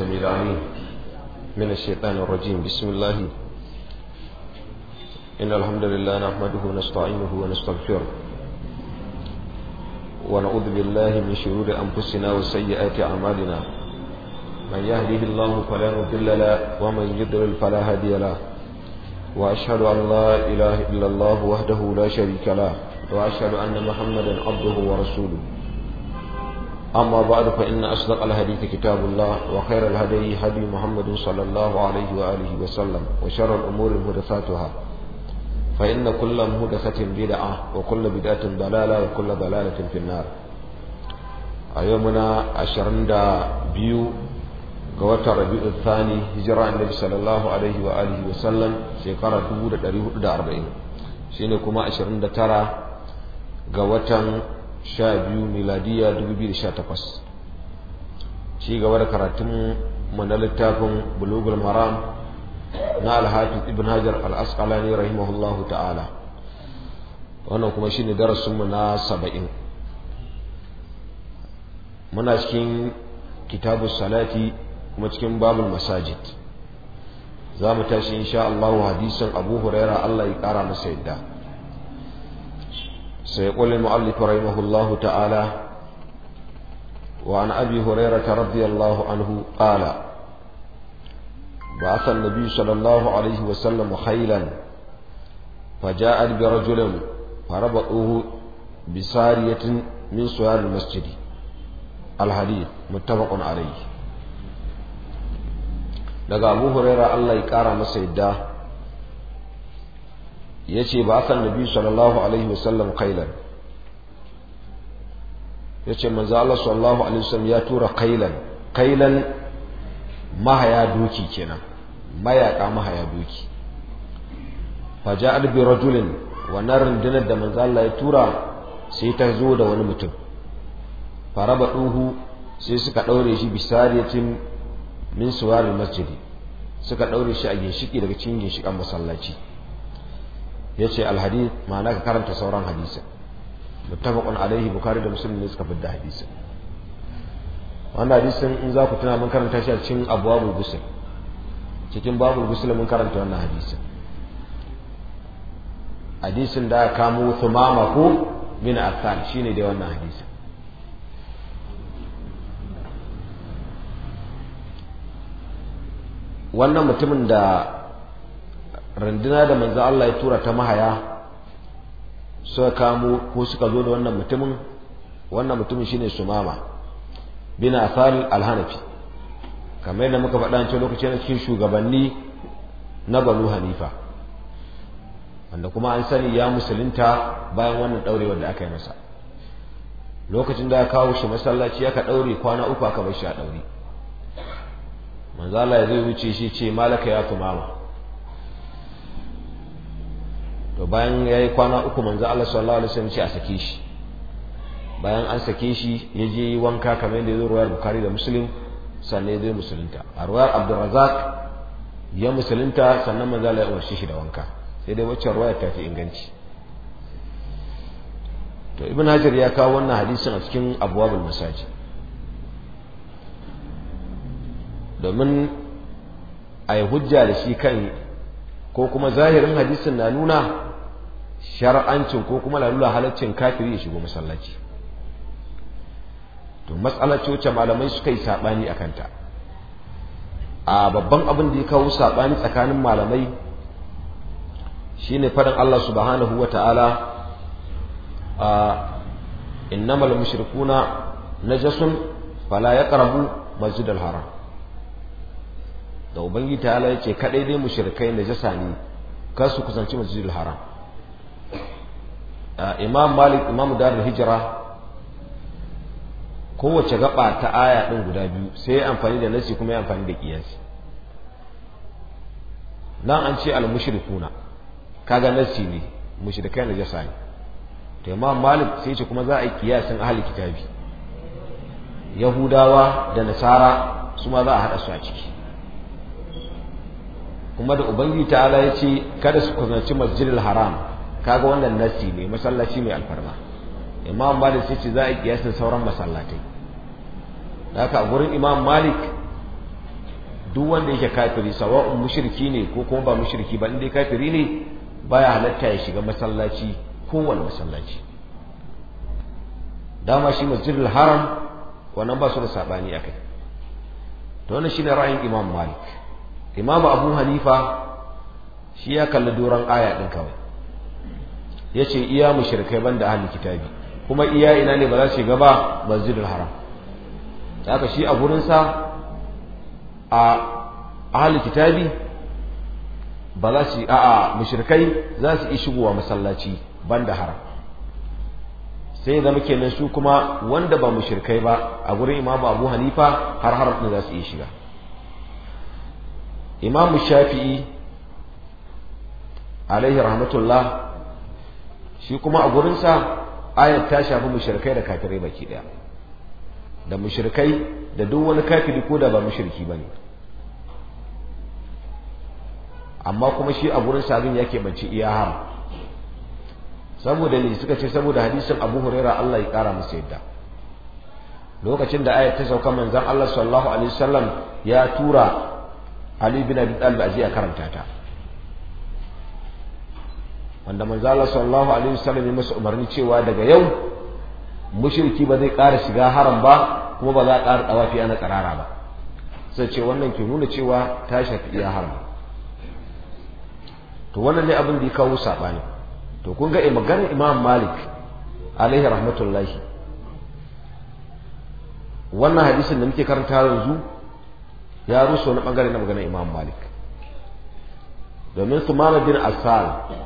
السميع العليم من الشيطان الرجيم بسم الله إن الحمد لله نحمده ونستعينه ونستغفره ونعوذ بالله من شرور أنفسنا وسيئات أعمالنا من يهده الله فلا مضل له ومن يضلل فلا هادي له وأشهد أن لا إله إلا الله وحده لا شريك له وأشهد أن محمدا عبده ورسوله أما بعد فإن أصدق الحديث كتاب الله وخير الهدي هدي محمد صلى الله عليه وآله وسلم وشر الأمور محدثاتها فإن كل محدثة بدعة وكل بدعة ضلالة وكل ضلالة في النار أيومنا أشرندا بيو قوات ربيع الثاني هجرة النبي صلى الله عليه وآله وسلم شكرا دبودة أريه دا أربعين شينكما أشرندا ترى قوات 12 miladiya 2018 ci gaba da karatun mu na littafin bulugul maram na alhafiz ibn hajar al-asqalani rahimahullahu ta'ala wannan kuma shine darasin mu na saba'in. muna cikin kitabun salati kuma cikin babul masajid za mu tashi insha Allah hadisin Abu Huraira Allah ya kara masa yadda سيقول المؤلف رحمه الله تعالى وعن أبي هريرة رضي الله عنه قال بعث النبي صلى الله عليه وسلم خيلا فجاءت برجل فربطوه بسارية من سوار المسجد الحديث متفق عليه daga abu huraira allah ya kara masa yadda yace ba kan nabi sallallahu alaihi wasallam kailan ce manzo Allah sallallahu alaihi wasallam ya tura kailan kailan mahaya doki kenan mayaka mahaya doki faja'a bi rajulin wannan rundunar da manzo Allah ya tura sai ta zo da wani mutum faraba duhu sai suka daure shi bisariyatin min suwaril masjidi suka daure shi a ginshiki daga cikin ginshikan masallaci yace alhadith ma'ana ka karanta sauran hadisin muttafaqun alaihi bukari da muslim ne suka fidda hadisin wannan hadisin in za ku tuna mun karanta shi a cikin abwabul ghusl cikin babul ghusl mun karanta wannan hadisin hadisin da aka kamo thumama ko bin affan shine dai wannan hadisin wannan mutumin da randuna da manzo Allah ya tura ta mahaya suka kamo ko suka zo da wannan mutumin wannan mutumin shine sumama bin asal alhanafi kamar yadda muka faɗa cewa lokacin cikin shugabanni na banu hanifa wanda kuma an sani ya musulunta bayan wannan daure wanda aka yi masa lokacin da ya kawo shi masallaci aka ɗaure kwana uku aka bar shi a ɗauri manzo Allah ya zai wuce shi ce malaka ya tumama to bayan ya yi kwana uku manzo Allah sallallahu alaihi wasallam ce a sake shi bayan an sake shi ya je yi wanka kamar da ya zo ruwayar Bukhari da Muslim sannan ya zo musulunta a ruwayar Abdurrazzaq ya musulunta sannan manzo Allah ya umarci shi da wanka sai dai waccan ruwayar ta fi inganci to Ibn Hajar ya kawo wannan hadisin a cikin abwabul masaji domin a yi hujja da shi kan ko kuma zahirin hadisin na nuna shar'ancin ko kuma lalula halaccin kafiri ya shigo masallaci to matsalar coci malamai suka yi sabani a kanta a babban abin da ya kawo sabani tsakanin malamai shine faɗin Allah subhanahu wa ta'ala a innamal mushrikuna najasun fala yaqrabu masjidal haram da ubangi ta'ala yace kadai dai mushrikai najasa ne kar su kusanci masjidal haram Ah, imam malik imam dar hijira kowace gaba ta aya ɗin guda biyu sai ya amfani da nasi kuma ya amfani da kiyasi nan an ce al-mushrikuna kaga nasi ne mushrikai na jasa ne to imam malik sai ce kuma za a yi kiyasin ahli kitabi yahudawa da nasara su ma za a haɗa su a ciki kuma da ubangiji ta'ala ya ce kada su kusanci masjidil haram kaga wannan nasi ne masallaci mai alfarma imam malik sai ce za a kiyasin sauran masallatai haka a gurin imam malik duk wanda yake kafiri sawa'un mushriki ne ko kuma ba mushriki ba inda kafiri ne baya halatta ya shiga masallaci kowane masallaci dama shi masjidul haram wannan ba su da sabani akai to wannan shine ra'ayin imam malik imam abu hanifa shi ya kalli doron aya din kawai ya ce iya mushrikai banda ahalin kitabi kuma iya ina ne ba za su gaba masjidul haram haka shi a gurinsa a ahalin kitabi ba za su a'a mushrikai za su yi shigowa masallaci banda haram sai ya zama kenan su kuma wanda ba mushrikai ba a gurin imamu abu hanifa har har ne za su iya shiga imamu shafi'i alaihi rahmatullah shi kuma a gurinsa ayat ta shafi mushrikai da kafirai baki daya da mushrikai da duk wani kafiri ko da ba mushriki bane amma kuma shi a gurin sabin yake banci iya har? saboda ne suka ce saboda hadisin Abu Huraira Allah ya kara masa yadda lokacin da ayat ta sauka manzon Allah sallallahu alaihi wasallam ya tura Ali bin Abi Talib a karanta ta wanda manzala sallallahu alaihi wasallam ya masa umarni cewa daga yau mushriki ba zai ƙara shiga haram ba kuma ba za a ƙara dawafi ana karara ba sai ce wannan ke nuna cewa ta shafi iya haram to wannan ne abin da ya kawo sabani to kun ga eh, maganar Imam Malik alaihi rahmatullahi wannan hadisin da muke karanta yanzu ya rusa na bangare na maganar Imam Malik domin Sumama bin Asal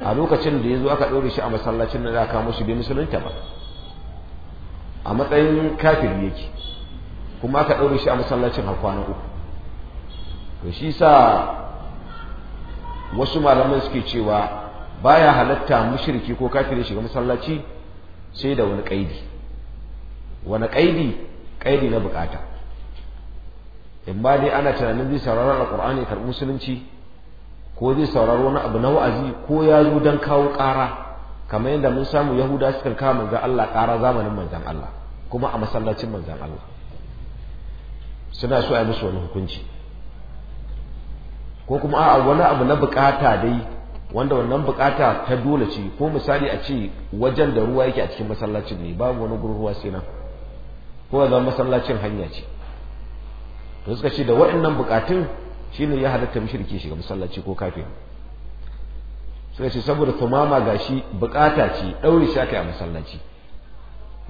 a lokacin da ya zo aka ɗaure shi a masallacin da aka kamo shi bai musulunta ba a matsayin kafiri yake kuma aka ɗaure shi a masallacin har kwana uku to shi sa wasu malaman suke cewa baya halatta mushriki ko kafin shiga masallaci sai da wani kaidi wani kaidi kaidi na bukata in ba dai ana tunanin zai sauraron alqur'ani karɓi musulunci ko zai saurari wani abu na wa'azi ko ya zo don kawo ƙara kamar yadda mun samu yahuda suka kawo manzan Allah ƙara zamanin manzan Allah kuma a masallacin manzan Allah suna so a yi musu wani hukunci ko kuma a wani abu na bukata dai wanda wannan bukata ta dole ce ko misali a ce wajen da ruwa yake a cikin masallacin ne babu wani gurin ruwa sai nan ko zama masallacin hanya ce to suka ce da waɗannan bukatun shine ya halatta mushriki shiga masallaci ko kafin sai shi saboda tumama shi bukata ce ɗauri shi aka yi a masallaci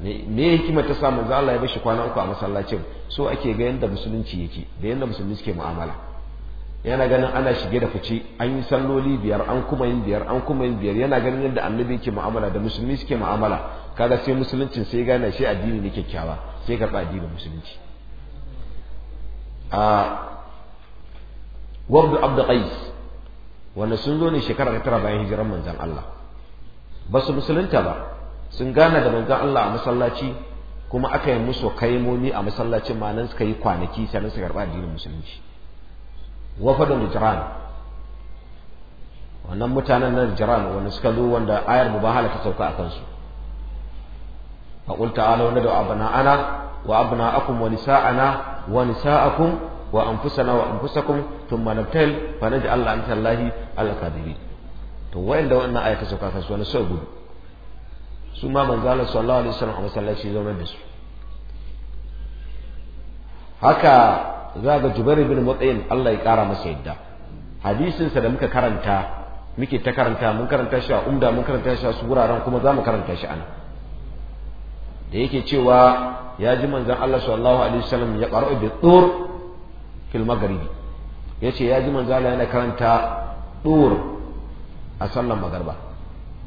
me hikimar ta sa manzo Allah ya bashi kwana uku a masallacin so ake ga yadda musulunci yake da yanda musulmi suke mu'amala yana ganin ana shige da fice an yi salloli biyar an kuma yin biyar an kuma yin biyar yana ganin yadda annabi yake mu'amala da musulmi suke mu'amala kaga sai musuluncin sai gane shi addini ne kyakkyawa sai karɓa addinin musulunci a ah, wardu abdu qais wanda sun zo ne shekara ta tara bayan hijiran manzon Allah ba su musulunta ba sun gane da manzon Allah a masallaci kuma aka yi musu kaimomi a masallacin ma nan suka yi kwanaki sannan suka karɓa addinin musulunci wafadun jiran wannan mutanen nan jiran wanda suka zo wanda ayar mubahala ta sauka a kansu fa qul ta'alu nadu ana wa abna'akum wa nisa'ana wa nisa'akum wa anfusana wa anfusakum thumma nabtal fa naj'al an tallahi al qadiri to wanda wannan aya ta sauka wani sai gudu su ma manzo Allah sallallahu alaihi wasallam a masallaci zama da su haka za ga Jubair ibn Mut'im Allah ya kara masa yadda hadisin sa da muka karanta muke ta karanta mun karanta shi a umda mun karanta shi a su wuraren kuma za mu karanta shi ana da yake cewa ya ji manzon Allah sallallahu alaihi wasallam ya qara'u bi tur fil magharibi yace ya ji manzo Allah yana karanta dur a sallan magarba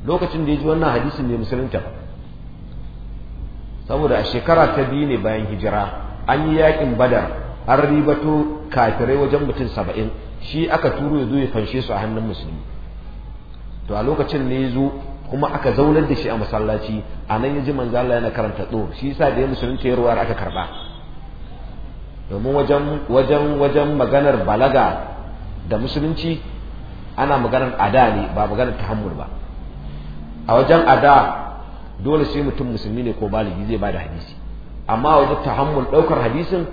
lokacin da ya ji wannan hadisin ne musulunta saboda a shekara ta biyu ne bayan hijira an yi yakin badar an ribato kafirai wajen mutum saba'in shi aka turo ya zo ya fanshe su a hannun musulmi to a lokacin ne ya zo kuma aka zaunar da shi a masallaci a nan ya ji manzo Allah yana karanta tsoro shi yasa da ya musulunta ya ruwa aka karba domin wajen wajen maganar balaga da musulunci ana maganar ada ne ba maganar tahammul ba a wajen ada dole sai mutum musulmi ne ko baligi zai ba da hadisi amma a wajen tahammul daukar hadisin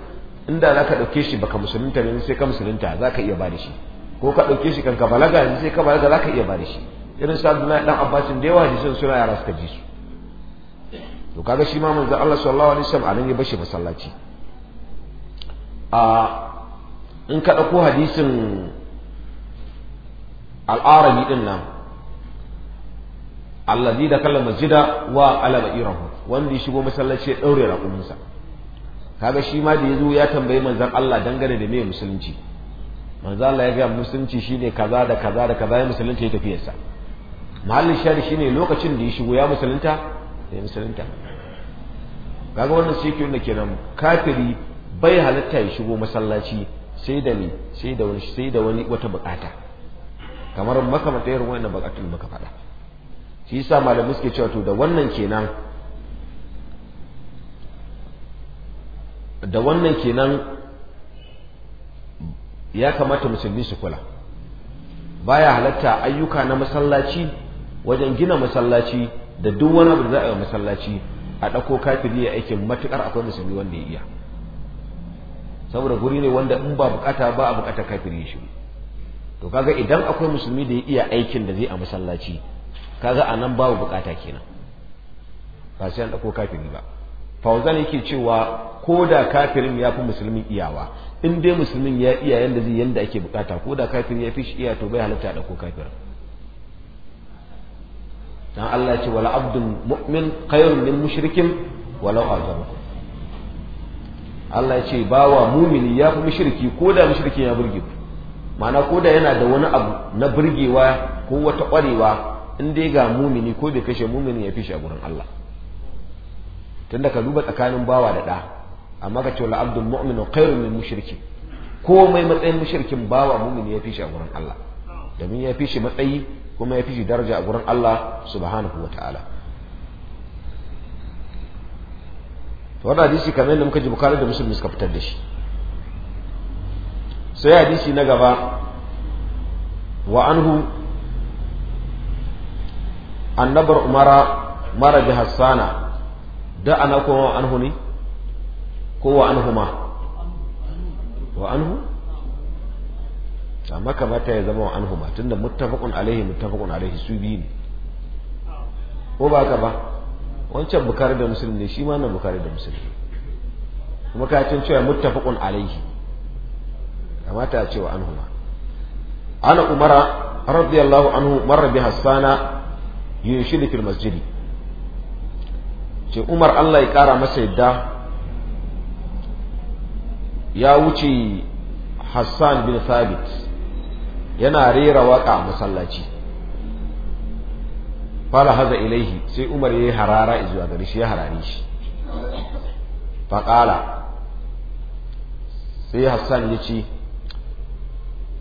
inda ka dauke shi baka musulunta ne sai ka musulunta ka iya ba da shi ko ka dauke shi kanka balaga ne sai ka balaga za ka iya ba da shi irin sa Abdullahi ɗan Abbasin da yawa hadisin suna yara suka ji su to kaga shi ma manzo Allah sallallahu alaihi wasallam ya bashi masallaci a in ka ɗauko hadisin al'arabi ɗin nan allazi da kallon masjida wa alama irahu wanda ya shigo masallaci ya ɗaure raƙuminsa kaga shi ma da ya zo ya tambayi manzan Allah dangane da me musulunci manzan Allah ya gaya musulunci shine kaza da kaza da kaza ya musulunta ya tafiyarsa mahallin shari shine lokacin da ya shigo ya musulunta ya musulunta kaga wannan shi ke nuna kenan kafiri bai halatta ya shigo masallaci sai da ni sai da wani sai da wani wata bukata kamar makamata irin wannan bukatun muka faɗa shi yasa malamai suke cewa to da wannan kenan da wannan kenan ya kamata musulmi su kula baya halatta ayyuka na masallaci wajen gina masallaci da duk wani abu da za a yi masallaci a ɗauko kafiri ya aikin matuƙar akwai musulmi wanda ya iya saboda guri ne wanda in ba bukata ba a bukata kafiri shi to kaga idan akwai musulmi da ya iya aikin da zai a masallaci kaga a nan babu bukata kenan ba sai an dako kafiri ba fauzan yake cewa ko da kafirin ya fi musulmin iyawa in dai musulmin ya iya yanda zai yanda ake bukata ko da kafirin ya fi shi iya to bai halatta dako kafirin dan Allah ya ce wala abdun mu'min khairun min mushrikin walau azabahu Allah ya ce bawa mumini ya fi mushriki ko da mushriki ya burge ku ma'ana ko da yana da wani abu na burgewa ko wata ƙwarewa in dai ga mumini ko bai kashe mumini ya fi a gurin Allah tunda ka duba tsakanin bawa da ɗa amma ka cewa la'abdun abdul mu'minu khairun min ko komai matsayin mushrikin bawa mumini ya fi a gurin Allah domin ya fi matsayi kuma ya fi daraja a gurin Allah subhanahu wa wannan hadisi kamar yadda muka ji bukari da musulmi suka fitar da shi sai hadisi na gaba wa anhu annabar umara mara bi hassana da ana kuma anhu ne ko wa anhu ma wa anhu amma kamata ya zama wa anhu ma tunda muttafaqun alaihi muttafaqun alaihi su biyu ne ko ba ka ba wancan bukari da musulmi ne shi ma na bukari da musulmi kuma ka cin cewa muttafaqun alaihi kamata a cewa anhu ana umara radiyallahu anhu marra bi hassana yunshidu fil masjidi ce umar Allah ya kara masa yadda ya wuce Hassan bin Thabit yana rera waka a masallaci fara haza ilaihi sai umar ya yi harara zuwa gari shi ya harare shi faƙala sai hassan ya ce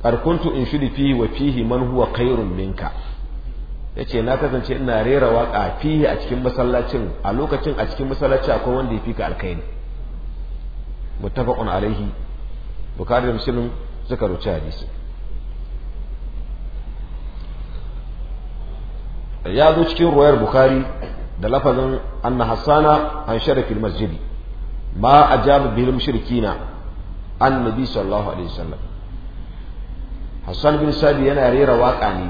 ƙarkuntu in shiri fihi wa fihi man huwa kairun minka ya ce na kasance ina rera waƙa fihi a cikin masallacin a lokacin a cikin masallaci akwai wanda ya fi ka alkaini muttafaqun alaihi bukari da musulun suka rubuta hadisi ya zo cikin ruwayar bukhari da lafazin anna hassana an sharafil masjidi ma a ajabu bil na annabi sallallahu alaihi wasallam hassan bin sabi yana rera waka ne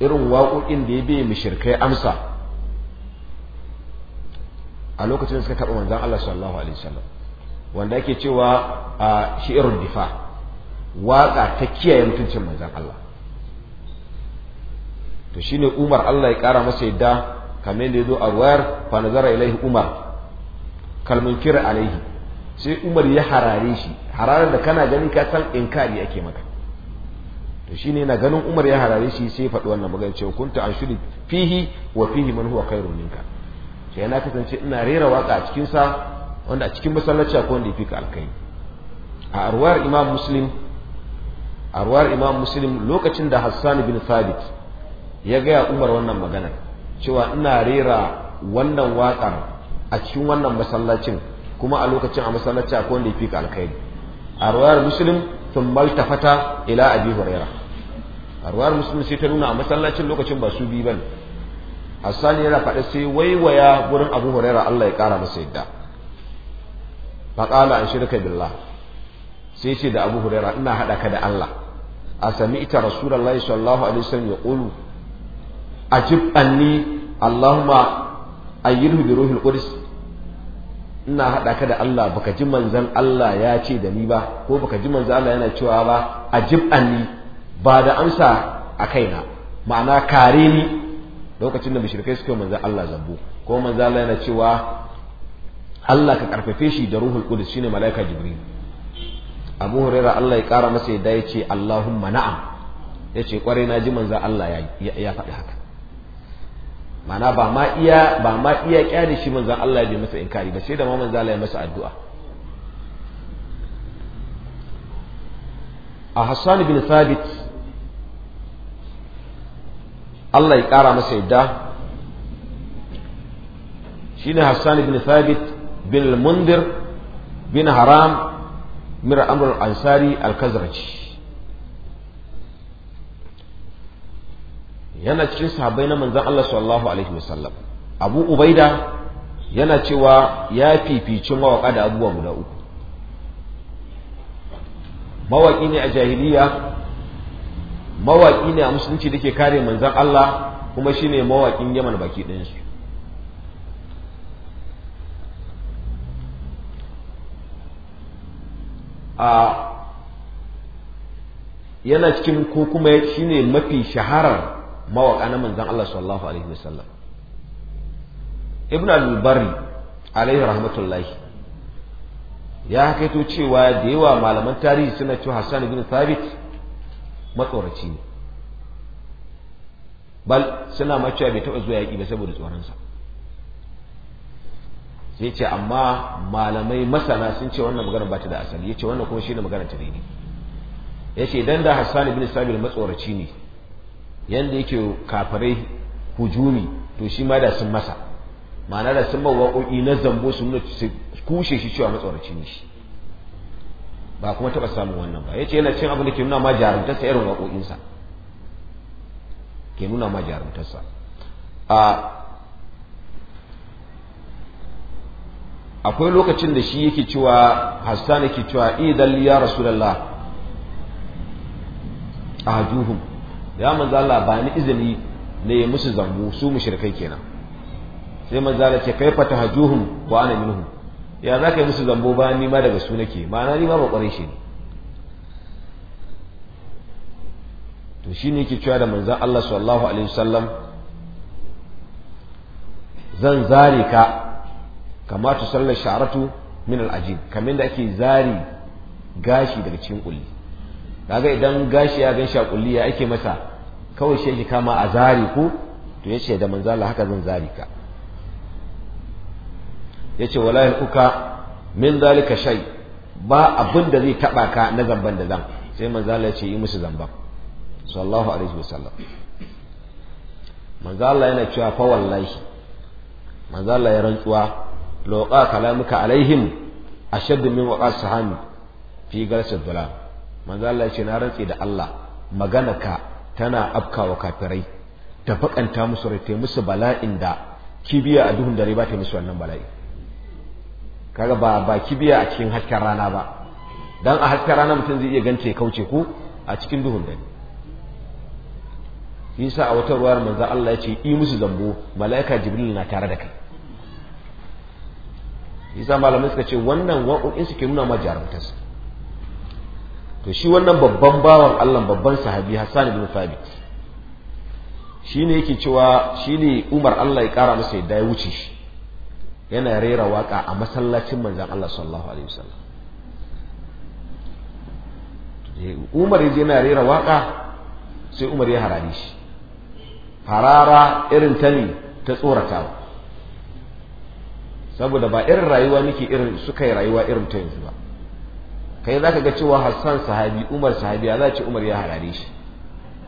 irin waƙoƙin da ya bai shirkai amsa a lokacin da suka taɓa wanzan Allah sallallahu alaihi wasallam wanda ake cewa a irin difa waƙa ta kiyaye mutuncin manzon Allah to shine Umar Allah ya kara masa yadda kamar da yazo a ruwayar fa nazara ilaihi Umar kalmun kira alaihi sai Umar ya harare shi hararar da kana gani ka san inkari ake maka to shine na ganin Umar ya harare shi sai faɗi wannan magana cewa kunta shuri fihi wa fihi man huwa khairun minka sai na kasance ina rera waka a cikin sa wanda a cikin masallaci akwai wanda ya fika alkai a arwar Imam Muslim arwar Imam Muslim lokacin da Hassan bin Thabit ya gaya Umar wannan magana cewa ina rera wannan waƙar a cikin wannan masallacin kuma a lokacin a masallaci a wanda ya fi fika alkhairi a ruwayar musulun sun fata ila abi huraira a ruwayar musulun sai ta nuna a masallacin lokacin ba su bi ne hassani yana faɗa sai waiwaya wurin Abu Huraira Allah ya ƙara masa yadda faƙala an shirka billah sai ce da Abu Huraira ina haɗa ka da Allah a sami ita rasulallah sallallahu alaihi wasallam ya ƙulu ajib anni Allahumma ayyidhu bi ruhil qudus ina hada ka da Allah baka ji manzon Allah ya ce da ni ba ko baka ji manzon Allah yana cewa ba ajib anni ba da amsa a kaina ma'ana kare ni lokacin da mushrikai suke manzon Allah zabbo ko manzon Allah yana cewa Allah ka karfafe shi da ruhul qudus shine malaika jibril Abu huraira Allah ya kara masa yadda ya ce Allahumma na'am yace kware na ji manzon Allah ya faɗi haka Ma'ana ba ma iya ba ma iya kyale shi manzon Allah ya bi masa inkari ba sai da ma manzon Allah ya masa addu'a a Hassan bin Thabit Allah ya kara masa yadda shine Hassan bin Thabit bin al-Mundir bin Haram mir Amr al-Ansari al-Khazraji yana cikin sahabbai na manzon Allah sallallahu alaihi wasallam Abu Ubaida yana cewa ya fifici mawaka da abubuwa guda uku mawaki ne a jahiliya mawaki ne a musulunci da ke kare manzon Allah kuma shine mawakin Yaman baki shi a yana cikin ko kuma shine mafi shaharar mawaka na manzan Allah sallallahu alaihi wasallam ibn al bari alaihi rahmatullahi ya hakaito cewa da yawa malaman tarihi suna cewa Hassan ibn Thabit matsoraci ne bal suna ma cewa bai taɓa zuwa yaƙi ba saboda tsoronsa sai ce amma malamai masana sun ce wannan magana ba ta da asali ya ce wannan kuma shi ne magana ta daidai ya ce idan da Hassan ibn Thabit matsoraci ne yanda yake kafirai hujumi to shi ma da sun masa ma'ana da sun mawaƙoƙi na zambo su nuna su kushe shi cewa matsoraci ne shi ba kuma taɓa samun wannan ba yace yana cin abin da ke nuna ma jarumtarsa irin waƙoƙinsa ke nuna ma jarumtarsa a akwai lokacin da shi yake cewa Hassan yake cewa idan ya a juhun ya manzo Allah ba ni izini ne musu zambu su mushrikai kenan sai manzo Allah ce kai tahjuhum wa ana minhum ya za ka yi musu zambu ba ni ma daga su nake ma'ana ni ma ba shi ne to shine yake cewa da manzan Allah sallallahu alaihi wasallam zan zare ka kamar tu sallar sharatu min al'ajib kamar da ake zari gashi daga cikin kulli kaga idan gashi ya gan shakulli ya ake masa kawai shi kama a zari ku to yace da manzo Allah haka zan zari ka yace wala uka min zalika shay ba abin da zai taba ka na zamban da zan sai manzo Allah yace yi musu zamban sallallahu alaihi wasallam manzo Allah yana cewa fa wallahi manzo Allah ya rantsuwa loqa kalamuka alaihim ashaddu min waqa sahami fi galsat dalal manzo Allah ce na rantsi da Allah magana ka tana afkawa kafirai ta fakanta musu rai musu bala'in da kibiya a duhun dare ba ta musu wannan bala'i kaga ba ba kibiya a cikin hasken rana ba dan a hasken rana mutum zai iya gance kauce ko a cikin duhun dare yasa a wata ruwar manzo Allah ya ce yi musu zambo mala'ika jibril na tare da kai yasa malamai suka ce wannan wa'o'in suke nuna ma jarumtarsu to shi wannan babban bawan Allah babban sahabi Hassan ibn Thabit shi ne yake cewa shi ne Umar Allah ya kara masa yadda ya wuce shi yana rera waka a masallacin manzon Allah sallallahu alaihi wasallam eh, Umar ya yana rera waka sai Umar ya harare shi harara irin ta ne ta tsorata saboda ba irin rayuwa nake irin suka yi rayuwa irin ta yanzu ba kai zaka ga cewa Hassan sahabi Umar sahabi za ce Umar ya harare shi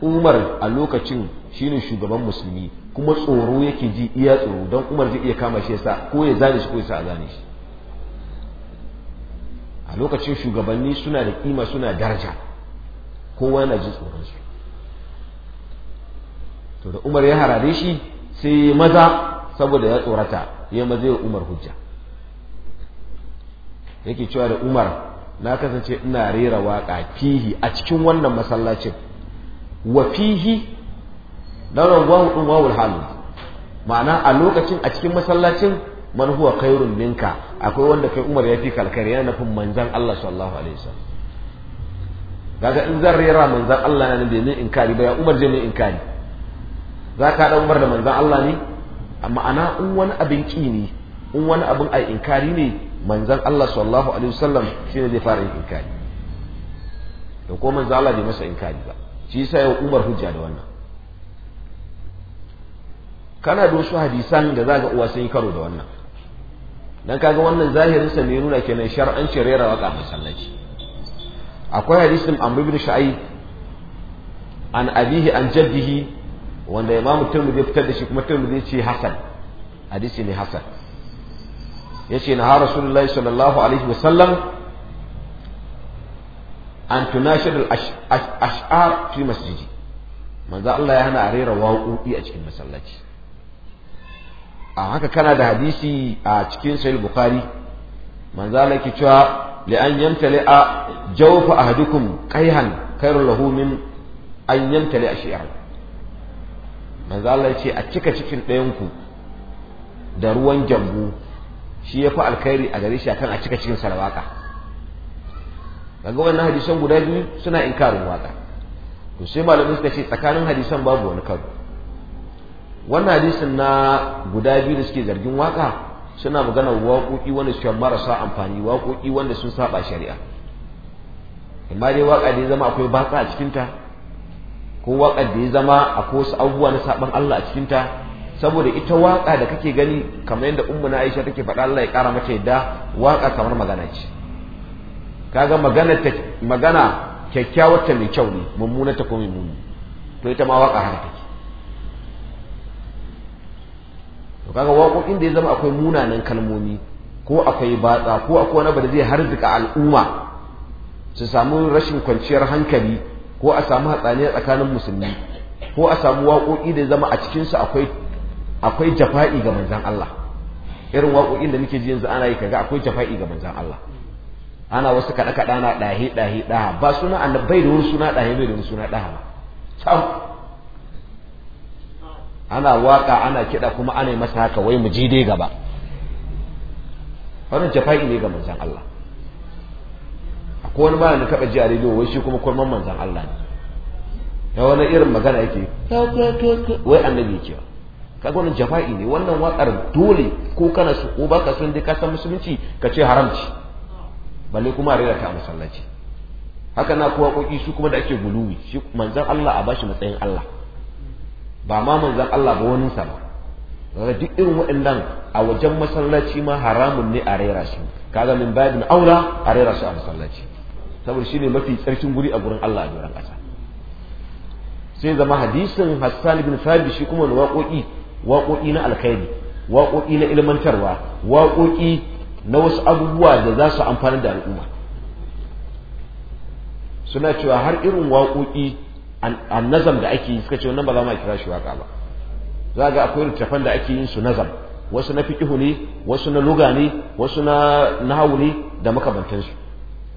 Umar a lokacin shine shugaban musulmi kuma tsoro yake ji iya tsoro don Umar zai iya kama shi yasa ko ya zane shi ko ya sa zane shi a lokacin shugabanni suna da kima suna daraja kowa na ji tsoron su to da Umar ya harare shi sai maza saboda ya tsorata ya maza ya Umar hujja yake cewa da Umar na kasance ina rera waka fihi a cikin wannan masallacin wa fihi dauran wawu ɗin wawul hal ma'ana a lokacin a cikin masallacin man huwa khairun minka akwai wanda kai Umar ya fi kalkari yana nufin manzan Allah sallallahu alaihi wasallam daga in zan rera manzan Allah yana bai min inkari ba ya Umar zai min inkari za ka da Umar da manzan Allah ne ma'ana in wani abin ƙi ne in wani abin ai inkari ne manzan Allah sallallahu alaihi wasallam shine zai fara yin inkari to ko manzan Allah bai masa inkari ba shi yasa yau Umar hujja da wannan kana da wasu hadisan da zaka uwa sun yi karo da wannan dan kaga wannan zahirin sa ne nuna kenan shar'an shirera waka masallaci akwai hadisin Amr ibn Shu'aib an abihi an jaddihi wanda Imam Tirmidhi fitar da shi kuma Tirmidhi ce hasan hadisi ne hasan yace na rasulullahi sallallahu alaihi wasallam an tunashid al-ash'ar fi masjidi manzo Allah ya hana a rera waƙoƙi a cikin masallaci a haka kana da hadisi a cikin sahih bukhari manzo Allah yake cewa li an yamtali a jawfa ahadukum qayhan khairul lahu min an yamtali ash'ar manzo Allah yace a cika cikin ɗayan ku da ruwan jambu shi ya fi alkhairi a gare shi akan a cika cikin sa waka kaga wannan hadisan guda biyu suna inkarin waka to sai malamai suka ce tsakanin hadisan babu wani karo wannan hadisan na guda biyu da suke zargin waka suna maganar waƙoƙi wanda suke marasa amfani waƙoƙi wanda sun saba shari'a amma dai waƙa da ya zama akwai batsa a cikinta ko waƙa da ya zama akwai wasu abubuwa na saban Allah a cikinta saboda ita waka da kake gani kamar yadda ummu na Aisha take faɗa Allah ya ƙara mata yadda waka kamar magana ce kaga magana ta magana kyakkyawar ta mai kyau ne mummuna ta kuma mummuna to ita ma waka haka take to kaga wako da ya zama akwai munanan kalmomi ko akwai batsa ko akwai wani abu da zai harzika al'umma su samu rashin kwanciyar hankali ko a samu hatsaniya tsakanin musulmi ko a samu waƙoƙi da ya zama a cikinsu akwai akwai jafa'i ga manzan Allah irin waƙoƙin da muke ji yanzu ana yi kaga akwai jafa'i ga manzan Allah ana wasu kaɗa kaɗa na ɗahe ɗahe ɗaha ba suna annabai da wani suna ɗahe bai da wani suna ɗaha ba sam ana waƙa ana kiɗa kuma ana yi masa haka wai mu ji dai gaba wannan jafa'i ne ga manzan Allah akwai wani malami taɓa ji a rediyo wai shi kuma kurman manzan Allah ne ya wani irin magana yake wai annabi ke ba kaga wannan jafa'i ne wannan wakar dole ko kana su ko baka sun dai ka san musulunci ka ce haramci balle kuma rera ta musallaci haka na kuwa koki su kuma da ake guluwi shi manzon Allah a bashi matsayin Allah ba ma manzon Allah ba wani sa ba duk irin waɗannan a wajen masallaci ma haramun ne a rera su kaga min babin aula a rera su a masallaci saboda shine mafi tsarkin guri a gurin Allah a doron ƙasa sai zama hadisin Hassan ibn Sabi shi kuma waƙoƙi waƙoƙi na alkhairi waƙoƙi na ilmantarwa waƙoƙi na wasu abubuwa da za su amfani da al'umma suna cewa har irin waƙoƙi an nazam da ake yi suka ce wannan ba za mu kira shi waƙa ba za ga akwai littattafan da ake yin su nazam wasu na fiƙihu ne wasu na luga ne wasu na nahawu ne da su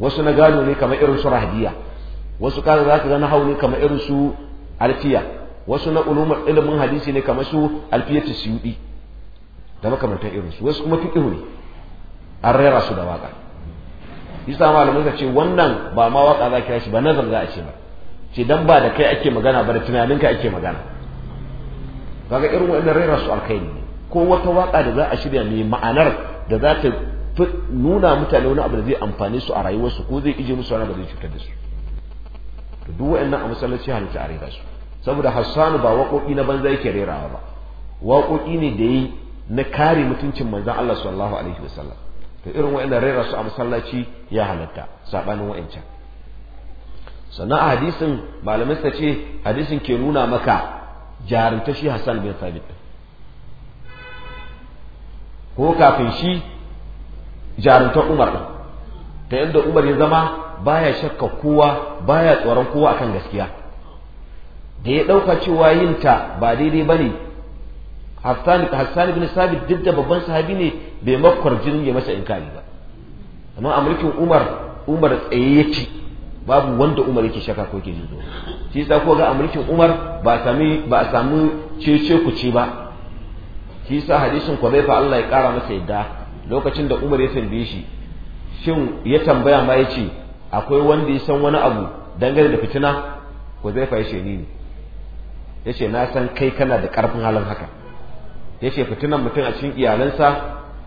wasu na gano ne kamar irin su rahadiya wasu kaza za ka ga nahawu ne kamar irin su alfiya wasu na ulumar ilimin hadisi ne kamar su alfiyatu suyudi da makamantan irin su wasu kuma fiqhu ne an rera su da waka isa malamin ka ce wannan ba ma waka za kira shi ba nazar za a ce ba ce dan ba da kai ake magana ba da tunaninka ake magana kaga irin wannan rera su alkhairi ne ko wata waka da za a shirya mai ma'anar da za ta nuna mutane wani abu da zai amfane su a rayuwarsu ko zai ije musu wani abu da zai cutar da su duk wa'annan a masallaci halitta a rera su saboda hassanu ba waƙoƙi na banza yake rerawa ba waƙoƙi ne da yi na kare mutuncin manzon Allah sallallahu alaihi wasallam to irin wa'annan rera su a masallaci ya halatta sabanin wa'ancan sannan a hadisin malamin sa ce hadisin ke nuna maka jarumta shi Hassan bin Sabit ko kafin shi jarumta Umar ta yadda Umar ya zama baya shakka kowa baya tsoron kowa akan gaskiya da ya ɗauka cewa yin ta ba daidai ba ne Hassan ibn Sabit duk da babban sahabi ne bai makwarjin ya masa inkari ba amma a mulkin Umar Umar tsaye yake babu wanda Umar yake shaka ko yake zo shi yasa ko ga a mulkin Umar ba sami ba a samu cece ku ce ba shi yasa hadisin fa Allah ya kara masa yadda lokacin da Umar ya tambaye shi shin ya tambaya ma ya ce akwai wanda ya san wani abu dangane da fitina ko ya ce ni ne yace na san kai kana da karfin halin haka yace fitinan mutum a cikin iyalansa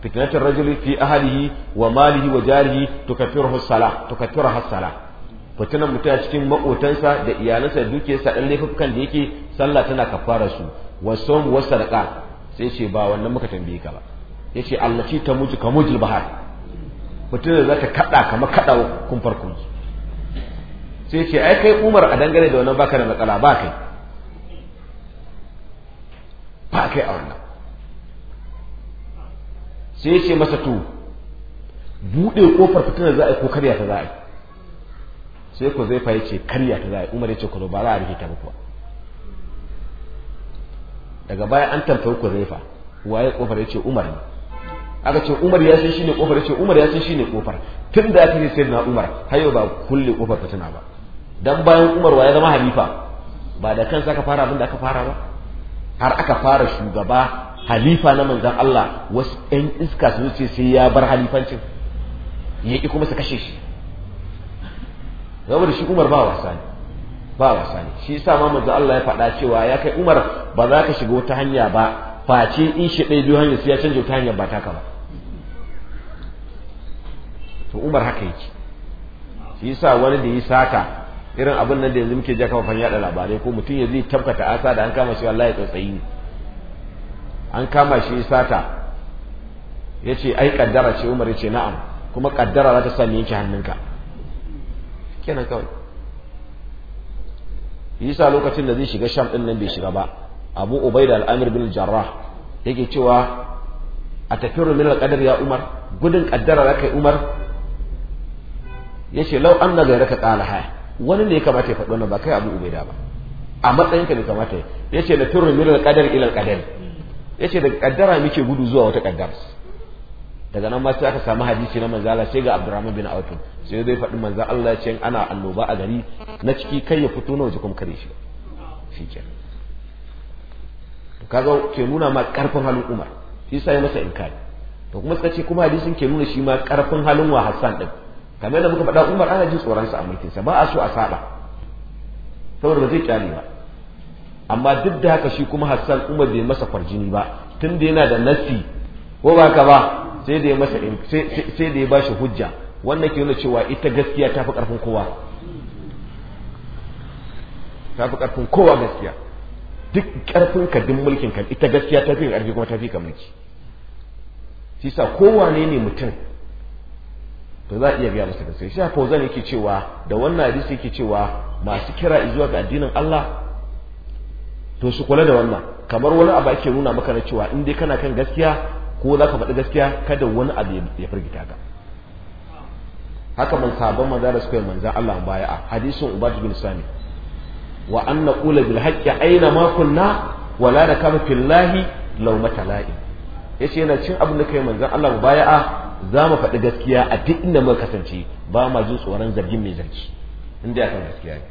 fitnatul rajuli fi ahlihi wa malihi wa jarihi tukaffiruhu salah tukaffiruhu salah fitinan mutum a cikin makotansa da iyalansa da dukiyarsa dan laifukan da yake sallah tana kafara su wa sawm wa sadaqa sai ce ba wannan muka tambaye ka ba yace allati tamuju kamujil bahar fitinan zaka kada kamar kada kun farko sai ce ai kai Umar a dangane da wannan baka da matsala ba kai ba kai a wannan sai ya ce masa to buɗe kofar fitina za a yi ko karya ta za a yi sai ku zai fahimci ce karya ta za a yi umar ya ce ku ba za a rike ta ba daga baya an tambayi ku zai fa waye kofar ya ce umar ne aka ce umar ya san shine kofar ya ce umar ya san shine kofar tun da aka sai na umar har yau ba kulle kofar fitina ba dan bayan umar waye zama halifa ba da kansa ka fara abin da aka fara ba har aka fara shugaba halifa na manzan Allah wasu ɗan iska su ce sai ya bar halifancin ya ƙi kuma su kashe shi zama da shi umar ba wasa ne ba wasa ne shi yasa ma manzan Allah ya faɗa cewa ya kai umar ba za ka shiga wata hanya ba face in shi ɗaya biyu hanyar sai ya canja wata hanyar ba taka ba to umar haka yake shi yasa wani da ya saka irin abin nan da yanzu muke ja kafafan yada labarai ko mutum ya zai tabkata asa da an kama shi wallahi tsatsayi ne an kama shi sata ya ce ai kaddara ce umar ya ce na'am kuma kaddara za ta sa ni yanke hannunka kenan kawai yasa lokacin da zai shiga sham din nan bai shiga ba abu ubaida al-amir bin jarrah yake cewa a tafiru min al-qadar ya umar gudun kaddara za kai umar yace law anna ghayraka qala haya wani ne ya kamata ya faɗi wannan ba kai abu ubaida ba a matsayinka ne kamata ya ce da turun milal qadar ila qadar ya ce da kaddara muke gudu zuwa wata kaddara daga nan ma sai aka samu hadisi na manzala sai ga Abdurrahman bin Auf sai zai faɗi manzo Allah ya ce ana annoba a gari na ciki kai ya fito na waje kuma kare shi shikenan to kaga ke nuna ma karfin halin Umar shi sai masa inkari to kuma suka ce kuma hadisin ke nuna shi ma karfin halin wa Hassan din kamar da muka faɗa Umar ana jin tsoron sa a sa ba a so a saba saboda ba zai kyale ba amma duk da haka shi kuma Hassan Umar bai masa farjini ba tunda yana da nafi ko ba ka ba sai da ya masa sai da ya bashi hujja wannan ke nuna cewa ita gaskiya tafi karfin kowa tafi karfin kowa gaskiya duk karfin ka din mulkin ka ita gaskiya tafi karfi kuma tafi ka mulki shi sa kowane ne mutum to za a iya gaya masa gaskiya shi wanzan yake cewa da wannan hadisi yake cewa masu kira zuwa ga addinin Allah to su kula da wannan kamar wani abu ake nuna maka na cewa in dai kana kan gaskiya ko za ka faɗi gaskiya kada wani abu ya firgita ka haka man sabon maza da suka yi manzan Allah baya a hadisin Ubad bin Sami wa anna qula bil haqqi aina ma kunna wala nakama fillahi law matala'in Ya ce yana cin abin da kai Manzan Allah mu baya'a za mu faɗi gaskiya a duk inda muka kasance ba ma jin tsoron zargin mai zargi inda ya kan gaskiya ne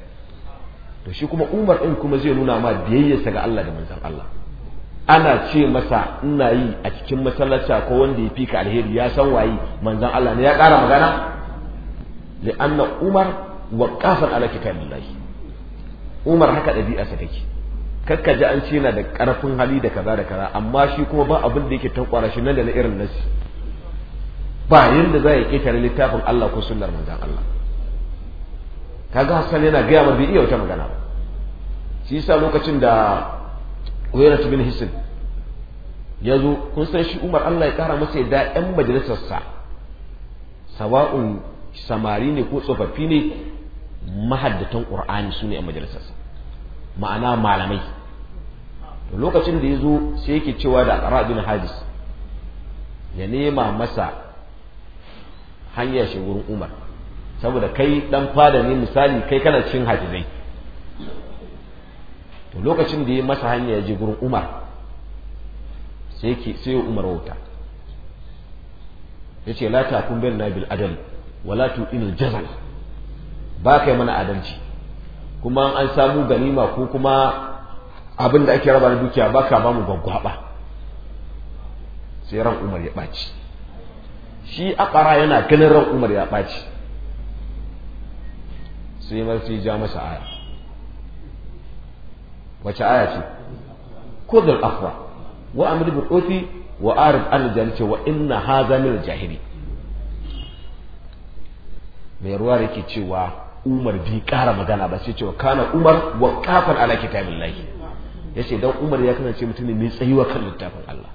to shi kuma Umar ɗin kuma zai nuna ma biyayyarsa ga Allah da manzan Allah ana ce masa ina yi a cikin masallaci ko wanda ya fika alheri ya san waye manzan Allah ne ya ƙara magana li'anna Umar waqafan ala kitabillahi Umar haka ɗabi'arsa take kakka ji an ce yana da ƙarfin hali da kaza da kaza amma shi kuma ba abin da yake tankwara shi nan da na irin nasi ba yadda za ya ƙetare littafin Allah ko sunnar manzan Allah ka ga Hassan yana gaya ma bai iya wata magana ba shi sa lokacin da Uyairat bin Hisn ya zo kun san shi Umar Allah ya kara masa yadda yan majalisarsa sawa'un samari ne ko tsofaffi ne mahaddatan ƙurani su ne ƴan majalisarsa ma'ana malamai lokacin da ya zo sai yake cewa da aqra hadis ya nema masa hanya shi wurin umar saboda kai dan fada ne misali kai kana cin hajizai to lokacin da ya masa hanya ya je gurin umar sai yake umar wauta yace la takun bainana bil adal wala tu'inil jazal ba kai mana adalci kuma an samu ganima ko kuma abin da ake raba da dukiya ba ka ba mu gwaggwaba sai ran umar ya ɓaci shi akara yana ganin ran umar ya ɓaci sai marfi ja masa aya wace aya ce da afwa wa amri bil ofi wa arif an ce wa inna hadha jahiri mai ruwa yake cewa Umar bi ƙara magana ba sai cewa kana Umar wa kafan ala kitabillahi yace dan Umar ya kasance mutum ne mai tsayuwa kan littafin Allah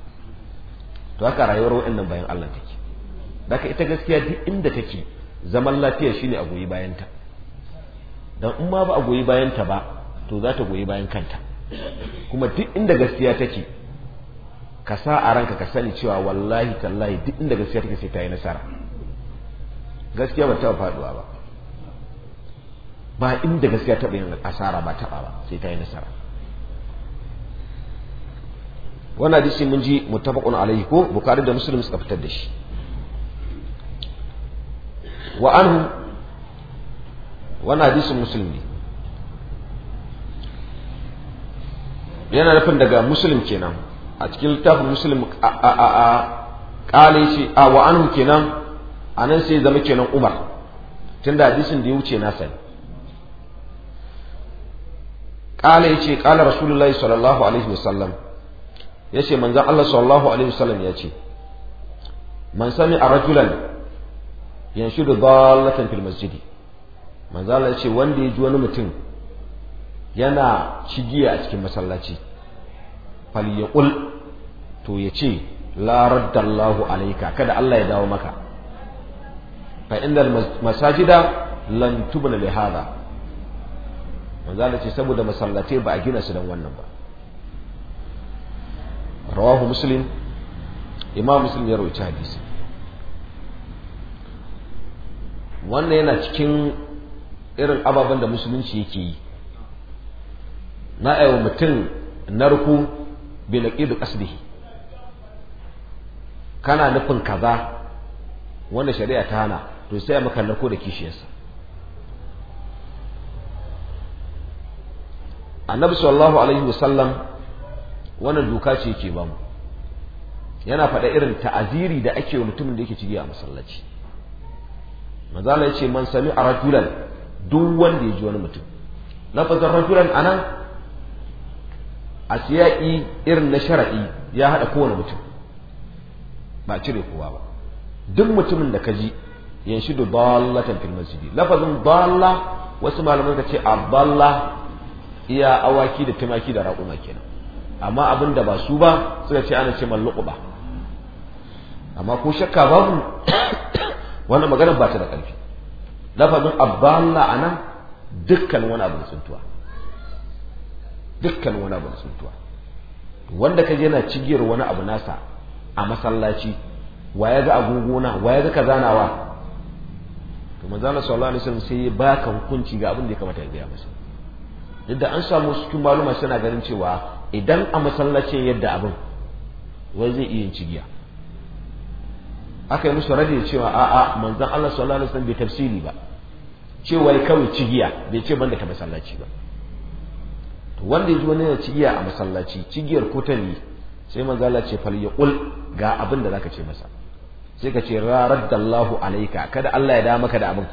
to haka rayuwar waɗannan bayan Allah take haka ita gaskiya duk inda take zaman lafiya shine a goyi bayan ta dan in ma ba a goyi bayan ta ba to za ta goyi bayan kanta kuma duk inda gaskiya take ka sa a ranka ka sani cewa wallahi tallahi duk inda gaskiya take sai ta yi nasara gaskiya ba ta faduwa ba ba inda gaskiya taɓa yin asara ba taɓa ba sai ta yi nasara wannan hadisi mun ji muttafaqun alayhi ko bukari da muslim suka fitar da shi wa anhu wannan hadisin muslim ne yana nufin daga muslim kenan a cikin littafin muslim a a a kale shi a wa anhu kenan anan sai zama kenan umar tunda hadisin da ya wuce na sani kala yace kala rasulullahi sallallahu alaihi wasallam yace manzon Allah sallallahu alaihi wasallam yace man sami a rajulan yanshudu dallatan fil masjidi manzon Allah yace wanda ya ji wani mutum yana cigiya a cikin masallaci falyaqul to yace la raddallahu alayka kada Allah ya dawo maka fa innal masajida lan tubna li manzala ce saboda masallatai ba a gina su don wannan ba rawahu muslim imam muslim ya rawaita hadisi wannan yana cikin irin ababen da musulunci yake yi na aiwa mutum narku da ƙasdihi kana nufin kaza wanda shari'a ta hana to sai maka narko da kishiyarsa annabi sallallahu alaihi wasallam wannan doka ce yake bamu yana faɗa irin ta'aziri da ake wa mutumin da yake ciki a masallaci manzala yace man sami a rajulan duk wanda ya ji wani mutum lafazin rajulan anan a siyaƙi irin na shara'i ya haɗa kowane mutum ba cire kowa ba duk mutumin da ka ji yanshi da dallatan fil masjidi lafazin dalla wasu malaman ka ce abdalla iya awaki da tumaki da raƙuma kenan amma abin da ba su ba suka ce ana ce mallu'u ba amma ko shakka babu wannan maganar ba ta da ƙarfi lafazin abdalla a nan dukkan wani abu da suntuwa dukkan wani abu da suntuwa wanda kaje yana cigiyar wani abu nasa a masallaci wa ya ga agogona wa ya ga kazanawa to manzo Allah sallallahu alaihi wasallam sai ya baka hukunci ga abin da ya kamata ya gaya masa duk da an samu cikin maluma suna ganin cewa idan a masallace yadda abin wai zai iya cigiya aka yi musu rage cewa a manzon Allah sallallahu alaihi wasallam bai tafsiri ba cewa ya kawai cigiya bai ce banda ta masallaci ba Wanda wanda yaji wani cigiya a masallaci cigiyar kotali sai manzo Allah ce fal yaqul ga abin da zaka ce masa sai ka ce raddallahu alaika kada Allah ya da maka da abin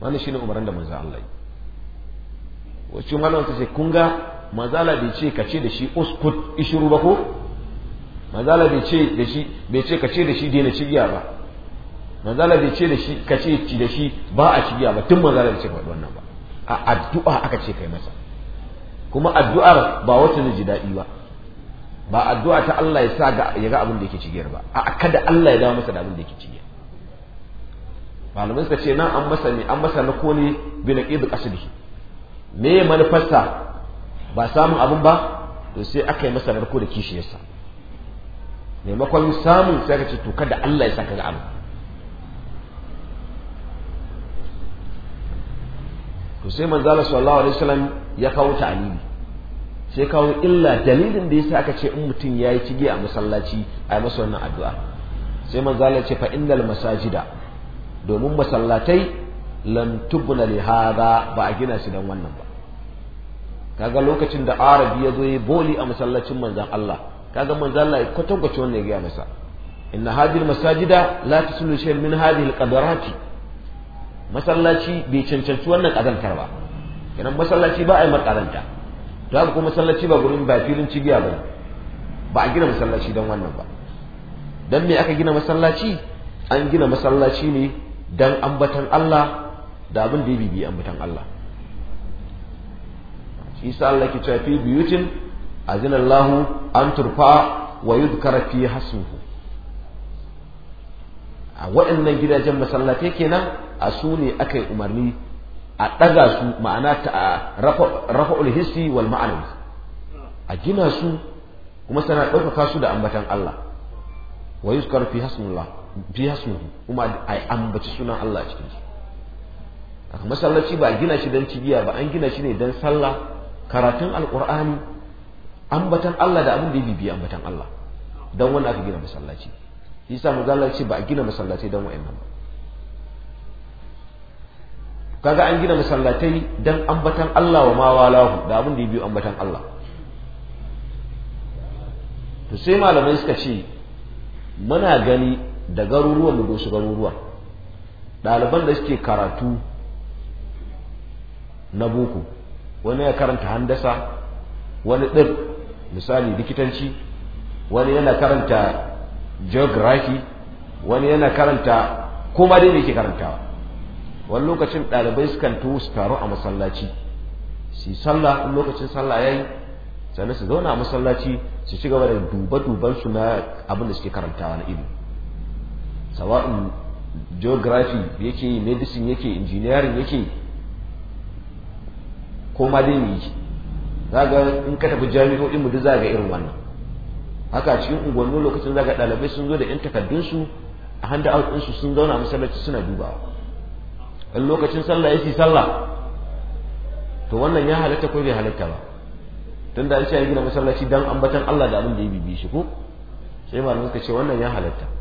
wannan shine umaran da manzo Allah yi wacce malamin ta ce kun ga mazala bai ce ka ce da shi uskut ishuru ba ko mazala bai ce da shi bai ce ka ce da shi daina cigiya ba mazala bai ce da shi ka ce ci da shi ba a cigiya ba tun mazala bai ce faɗi wannan ba a addu'a aka ce kai masa kuma addu'ar ba wata zai ji daɗi ba ba addu'a ta Allah ya sa ya ga abin da yake cigiyar ba a kada Allah ya dawo masa da abin da yake cigiyar malamin suka ce nan an masa ne an masa na koli bin qid qasdi me manufarsa ba samun abun ba to sai aka yi masa na da kishiyarsa maimakon samun sai ka ce to kada Allah ya saka ga abu to sai Allah sallallahu alaihi wasallam ya kawo ta'alimi sai kawo illa dalilin da yasa aka ce in mutum yayi cige a masallaci a yi masa wannan addu'a sai Allah ya ce fa innal masajida domin masallatai lan tubna li hada ba a gina shi dan wannan ba kaga lokacin da arabi ya zo yi boli a masallacin manzan Allah kaga manzan Allah kwatan kwace wannan ya gaya masa inna hadhihi masajida la tusulu shay'an min hadhihi alqadarati masallaci bai cancanci wannan kazantar ba idan masallaci ba a yi makaranta to haka kuma masallaci ba gurin ba filin cibiya ba ba a gina masallaci don wannan ba don me aka gina masallaci an gina masallaci ne dan ambatan Allah da abin da ya bibi ambatan Allah shi sa Allah ke cewa fi azinallahu an turfa wa yudkara fi a waɗannan gidajen masallatai kenan a su ne aka yi umarni a ɗaga su ma'ana ta rafa'ul hissi wal Ma'anin. a gina su kuma sana ɗaukaka su da ambatan Allah wa yuzkar fi hasmullah biya su kuma a ambaci sunan Allah a cikin su masallaci ba gina shi don cibiya ba an gina shi ne don sallah karatun alqur'ani ambatan Allah da abin da ya biya ambatan Allah don wani aka gina masallaci yasa manzo ce ba a gina masallatai don wa'annan ba kaga an gina masallatai don ambatan Allah wa ma walahu da abin da ya biyo ambatan Allah to sai malamai suka ce muna gani da garuruwan mu su garuruwa ɗaliban da suke karatu na boko wani ya karanta handasa wani ɗin misali likitanci wani yana karanta geography wani yana karanta kuma dai ke karantawa wani lokacin ɗalibai sukan tuhu su taru a masallaci su sallah in lokacin sallah yayi sannan su zauna a masallaci su ci gaba da duba dubansu na abin da suke karantawa na ilimi sawa'un geography yake yi medicine yake engineering yake ko ma dai mu yake zaga in ka tafi jami'o'in mu duk zaga irin wannan haka cikin unguwannin lokacin zaga ɗalibai sun zo da yan takardunsu a handa out ɗinsu sun zauna masallaci suna dubawa in lokacin sallah ya sallah to wannan ya halatta ko bai halatta ba tunda an ce ya gina masallaci dan ambatan Allah da abin da ya bibi shi ko sai malamin ka ce wannan ya halatta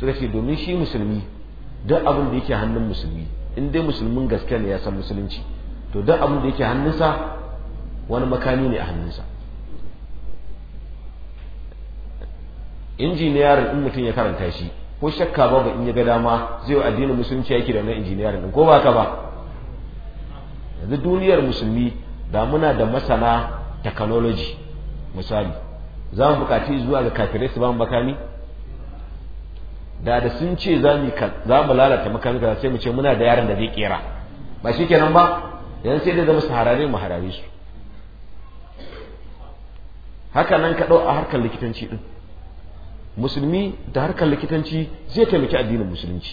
suka ce domin shi musulmi duk abin da yake hannun musulmi in dai musulmin gaske ne ya san musulunci to duk abin da yake hannunsa wani makami ne a hannunsa injiniyarin in mutum ya karanta shi ko shakka babu in ya ga dama zai yi addinin musulunci yake da na injiniyarin din ko ba ka ba yanzu duniyar musulmi da muna da masana technology misali za mu bukaci zuwa ga kafirai su ba mu makami da da sun ce za mu za mu lalata makaranta sai mu ce muna da yaran da zai kera ba shi kenan ba yanzu sai da zama su harare mu harare su haka nan ka ɗau a harkar likitanci ɗin musulmi da harkar likitanci zai taimaki addinin musulunci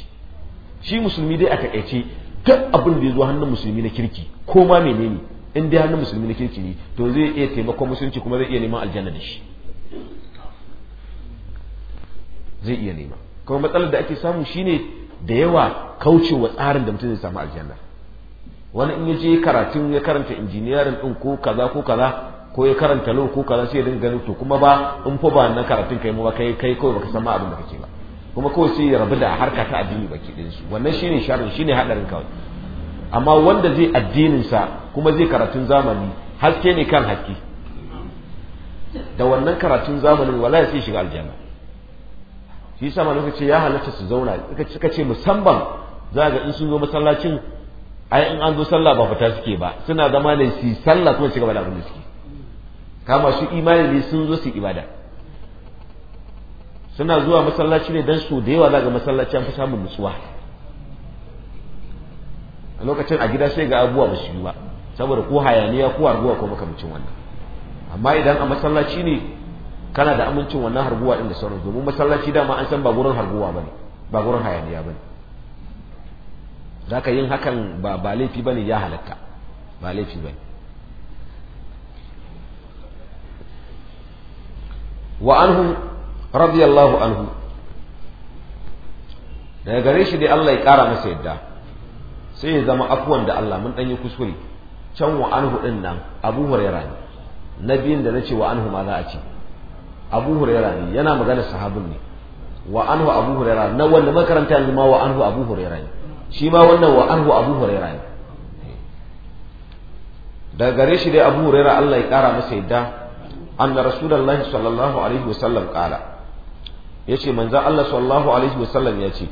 shi musulmi dai a takaice duk abin da ya zo hannun musulmi na kirki ko ma menene in dai hannun musulmi na kirki ne to zai iya taimakon musulunci kuma zai iya neman aljanna da shi zai iya nema kuma matsalar da ake samu shine da yawa kaucewa tsarin da mutum zai samu aljanna wani in yaje karatun ya karanta injiniyarin din ko kaza ko kaza ko ya karanta law ko kaza sai ya dinga ganin to kuma ba in fa ba nan karatun kai ba kai kai kawai baka san ma abin da kake ba kuma kawai sai ya rabu da harka ta addini baki din su wannan shine sharri shine hadarin kawai amma wanda zai addinin sa kuma zai karatun zamani haske ne kan haske da wannan karatun zamanin wallahi sai shiga aljanna shi yasa da ce ya halatta su zauna suka ce musamman za ga in sun zo masallacin ai in an zo sallah ba fita suke ba suna zama ne su sallah kuma ci gaba da abin da suke kama su imani ne sun zo su ibada suna zuwa masallaci ne dan su da yawa za ga masallaci an fi samun nutsuwa a lokacin a gida sai ga abubuwa ba su yi ba saboda ko hayaniya ko arguwa ko makamcin wannan amma idan a masallaci ne kana da amincin wannan harguwa din da sauransu domin masallaci dama an san ba gurin harguwa bane ba gurin hayaniya bane zaka yin hakan ba ba laifi bane ya halatta ba laifi bane wa anhu radiyallahu anhu daga gare shi dai Allah ya kara masa yadda sai ya zama afuwan da Allah mun dan yi kuskure can wa anhu din nan Abu Hurairah nabiyin da nace wa anhu ma za a ce abu huraira ne yana magana sahabin ne wa anhu abu huraira na wanda makaranta ne ma wa anhu abu huraira ne shi ma wannan wa anhu abu huraira ne daga gare shi dai abu huraira Allah ya kara masa yadda anna rasulullahi sallallahu alaihi wasallam kala yace manzon Allah sallallahu alaihi wasallam yace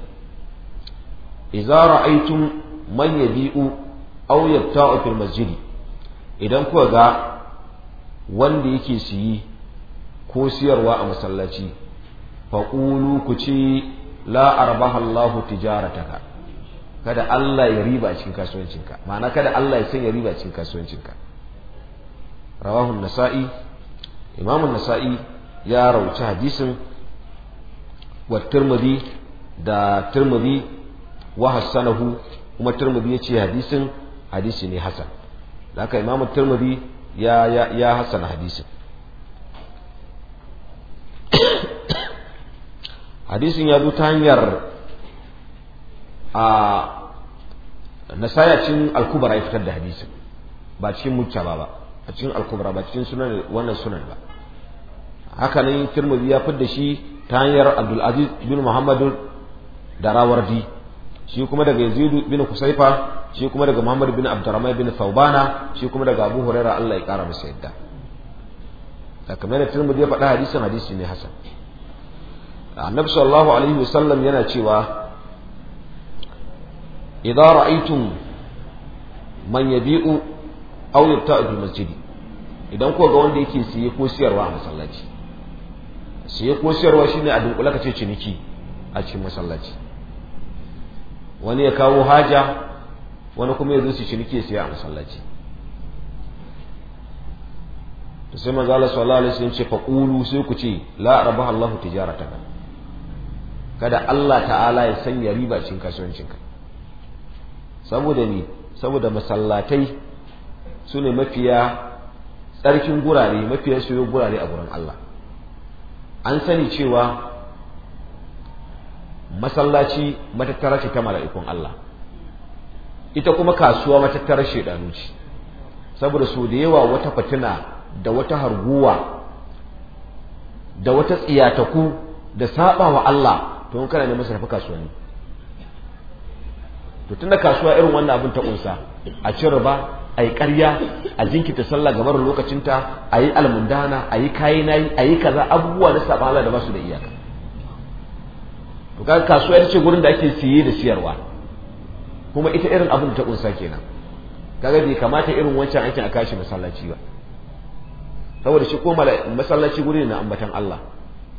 idza ra'aytum man yabi'u aw yabta'u fil masjid idan kuka ga wanda yake siyi ko siyarwa a masallaci faƙulu ku ce la arbaha Allahu tijarataka kada Allah ya riba a cikin kasuwancinka ma'ana kada Allah ya sanya riba a cikin kasuwancinka rawahu nasa'i imamu nasa'i ya rauci hadisin wa tirmidhi da tirmidhi wa hassanahu kuma tirmidhi ya ce hadisin hadisi ne hasan da haka imamu tirmidhi ya ya ya hasana hadisin hadisin ya zo ta hanyar a nasaya al alkubara ya fitar da hadisin ba cikin mukya ba ba a cikin alkubara ba cikin sunan wannan sunan ba haka nan tirmidhi ya fitar da shi ta hanyar abdul aziz bin muhammad darawardi shi kuma daga yazid bin kusaifa shi kuma daga muhammad bin abdurrahman bin thawbana shi kuma daga abu huraira Allah ya kara masa yadda kamar tirmidhi ya faɗa hadisin hadisi ne hasan annabi sallallahu alaihi wasallam yana cewa idan ra'aytum man yabi'u aw yata'u bil masjid idan ko ga wanda yake siye ko siyarwa a masallaci siye ko siyarwa shine a dunkula kace ciniki a cikin masallaci wani ya kawo haja wani kuma ya zo su ciniki ya siya a masallaci to sai manzo Allah sallallahu alaihi wasallam ce qulu sai ku ce la rabaha Allahu tijaratan kada Allah ta'ala ya sanya riba cikin ka saboda ni saboda masallatai su ne mafiya tsarkin gurare mafiya soyo gurare a gurin Allah an sani cewa masallaci matattara ce ta mala'ikun Allah ita kuma kasuwa matattarar shaidanu ce saboda su da yawa wata fatina da wata harguwa da wata tsiyataku da saba wa Allah to in kana neman su tafi kasuwanni to tunda kasuwa irin wannan abin ta kunsa a cire riba a ƙarya a jinkita sallah gabar lokacinta a yi almundana ayi yi kayi nayi a kaza abubuwa na sabala da ba da iyaka to ga kasuwa ita ce gurin da ake siye da siyarwa kuma ita irin abin ta kunsa kenan kaga bai kamata irin wancan aikin a kashi masallaci ba saboda shi ko masallaci guri ne na ambatan Allah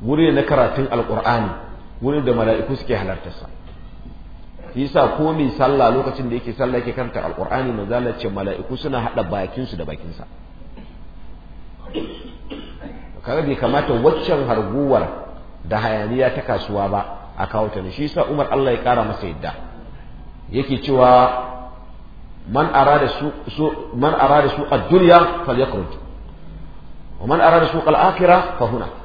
guri ne na karatun alqur'ani wurin da mala'iku suke halartarsa yasa ko mai sallah lokacin da yake sallah yake karanta alqur'ani manzo Allah ce mala'iku suna hada bakinsu da bakinsa. sa kaga bai kamata waccan harguwar da hayaniya ta kasuwa ba a kawo ta shi yasa Umar Allah ya kara masa yadda yake cewa man arada su man arada su ad-dunya falyakhruj wa man arada su al-akhirah fa huna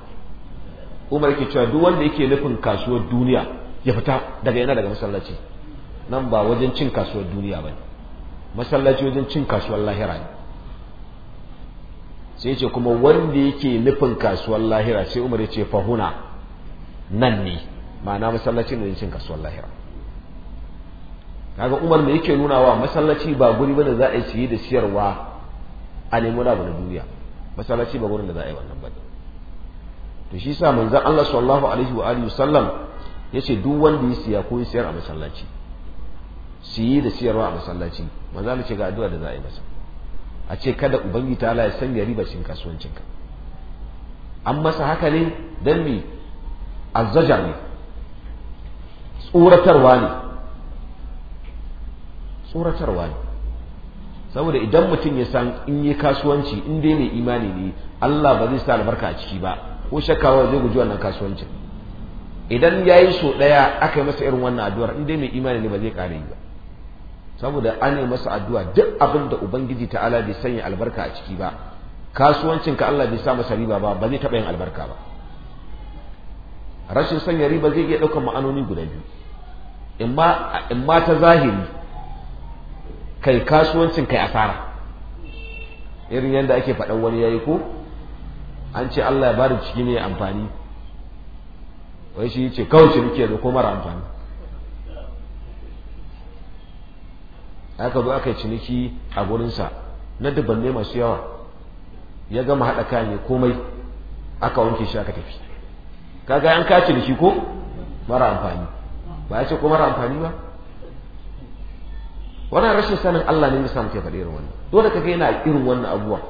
umar yake cewa duk wanda yake nufin kasuwar duniya ya fita daga yana daga masallaci nan ba wajen cin kasuwar duniya ba ne masallaci wajen cin kasuwar lahira ne sai ce kuma wanda yake nufin kasuwar lahira sai umar ya ce fahuna nan ne ma'ana masallaci ne cin kasuwar lahira kaga umar me yake nuna wa masallaci ba guri bane za a yi da siyarwa a nemi wani na duniya masallaci ba gurin da za a yi wannan bane to shi sa manzon Allah sallallahu alaihi wa alihi sallam yace duk wanda ya siya ko ya siyar a masallaci siyi da siyarwa a masallaci manzo ne ce ga addu'a da za a yi masa a ce kada ubangi ta Allah ya sanya riba cikin kasuwancinka an masa haka ne dan mi azzaja ne tsoratarwa ne tsoratarwa ne saboda idan mutum ya san in yi kasuwanci in dai mai imani ne Allah ba zai sa albarka a ciki ba ko shakawa zai guji wannan kasuwancin idan ya yi so ɗaya aka yi masa irin wannan addu'ar in dai mai imani ne ba zai ƙare yi ba saboda an yi masa addu'a duk abin da ubangiji ta'ala bai sanya albarka a ciki ba kasuwancin Allah bai sa masa riba ba ba zai taɓa yin albarka ba rashin sanya riba zai iya ɗaukar ma'anoni guda biyu in ma ta zahiri kai kasuwancin kai asara irin yadda ake faɗan wani ya yi ko an ce Allah ya bada ciki ne amfani wai shi ce kawai ciniki yanzu ko mara amfani aka zo aka yi ciniki a gurinsa na dubanne masu yawa ya gama haɗa kayan komai aka wanke shi aka tafi kaga an kaci ciniki ko mara amfani ba ya ce ko mara amfani ba wannan rashin sanin Allah ne ya sa muke faɗi irin wannan dole kaga yana irin wannan abubuwa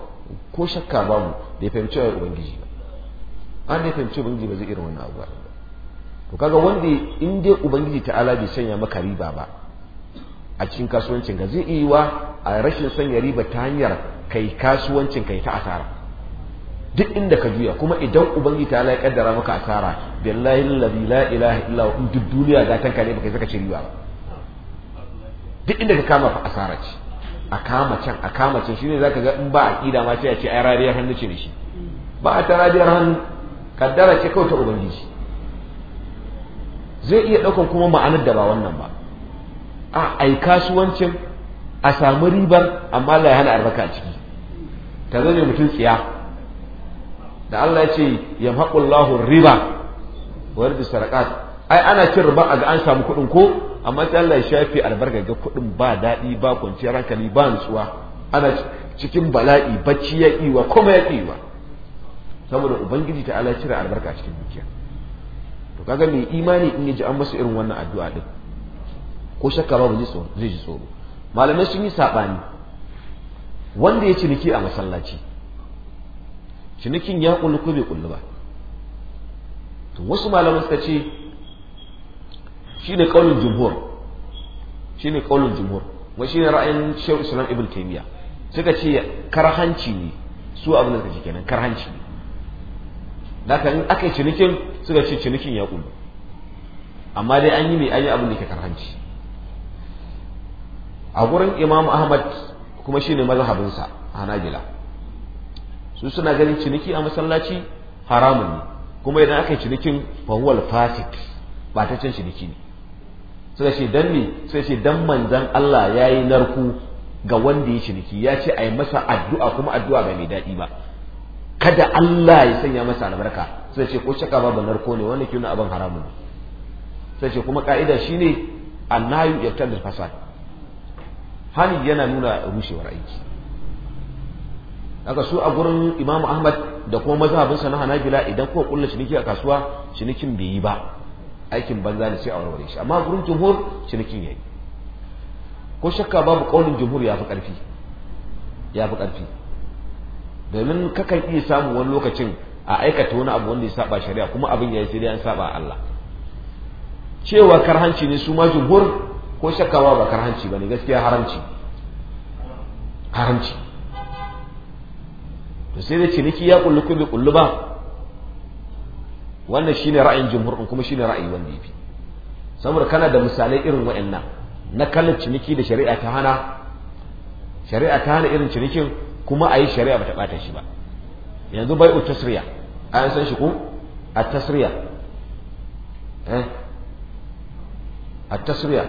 ko shakka babu da ya fahimci wa ubangiji ba an da ya fahimci ubangiji ba zai irin wannan abu to kaga wanda in dai ubangiji ala bai sanya maka riba ba a cikin kasuwancin ka zai iya wa a rashin sanya riba ta hanyar kai kasuwancin kai ta asara duk inda ka juya kuma idan ubangiji ala ya kaddara maka asara billahi allazi la ilaha illa huwa duk duniya gatan tanka ne baka saka ci riba ba duk inda ka kama fa asara ce a kama can a kama can shine zaka ga in ba aqida ma sai a ce ai rariyar hannu ce shi ba a ta rariyar hannu kaddara ce kawai ta ubangiji zai iya ɗaukar kuma ma'anar da ba wannan ba a ai kasuwancin a sami ribar amma Allah hana albarka a ciki ta zane mutum tsiya da Allah ya ce yamhaqullahu riba wa yarbi ai ana cin riba a ga an samu kuɗin ko amma ta Allah ya shafi albarka ga kuɗin ba daɗi ba kwanciyar hankali ba nutsuwa ana cikin bala'i bacci ya iwa kuma ya iwa saboda ubangiji ta ala cire albarka cikin dukiya to kaga mai imani in yaji an masa irin wannan addu'a din ko shakka babu zai ji tsoro malamai sun yi saɓani wanda ya ciniki a masallaci cinikin ya kullu ko bai kullu ba to wasu malamai suka ce shine qaulul jumhur shine qaulul jumhur wa shine ra'ayin Shehu Islam Ibn Taymiyyah suka ce karhanci ne su abin da suka kenan karhanci ne daga in aka yi cinikin suka ce cinikin ya kullu amma dai an yi mai an yi abin da ke karhanci a gurin Imam Ahmad kuma shine a Hanabila su suna ganin ciniki a masallaci haramun ne kuma idan aka yi cinikin fahuwal fasik ba ta cin ciniki ne suka ce dan me sai ce dan manzon Allah yayi narku ga wanda ya ciniki ya ce a yi masa addu'a kuma addu'a ba mai daɗi ba kada Allah ya sanya masa albarka sai ce ko shaka ba narko ne wanda ke nuna abin haramun ne sai ce kuma ka'ida shine annayu yaqtadil fasad hani yana nuna rushewar aiki haka su a gurin Imam Ahmad da kuma mazhabinsa na Hanabila idan kuka kulla ciniki a kasuwa cinikin bai yi ba aikin banza ne sai a warware shi amma gurin jumhur cinikin yayi ko shakka babu kaulin jumhur ya fi karfi ya fi karfi domin kakan iya samu wani lokacin a aikata wani abu wanda ya saba shari'a kuma abin ya yi sai dai an saba Allah cewa karhanci ne su ma jumhur ko shakka ba karhanci bane gaskiya haramci haramci to sai da ciniki ya kullu kullu ba wannan shine ra'ayin jumhur din kuma shine ra'ayi wanda yafi saboda kana da misalai irin waɗannan na kallon ciniki da shari'a ta hana shari'a ta hana irin cinikin kuma a yi shari'a bata bata shi ba yanzu bai u tasriya an san shi ko a tasriya eh a tasriya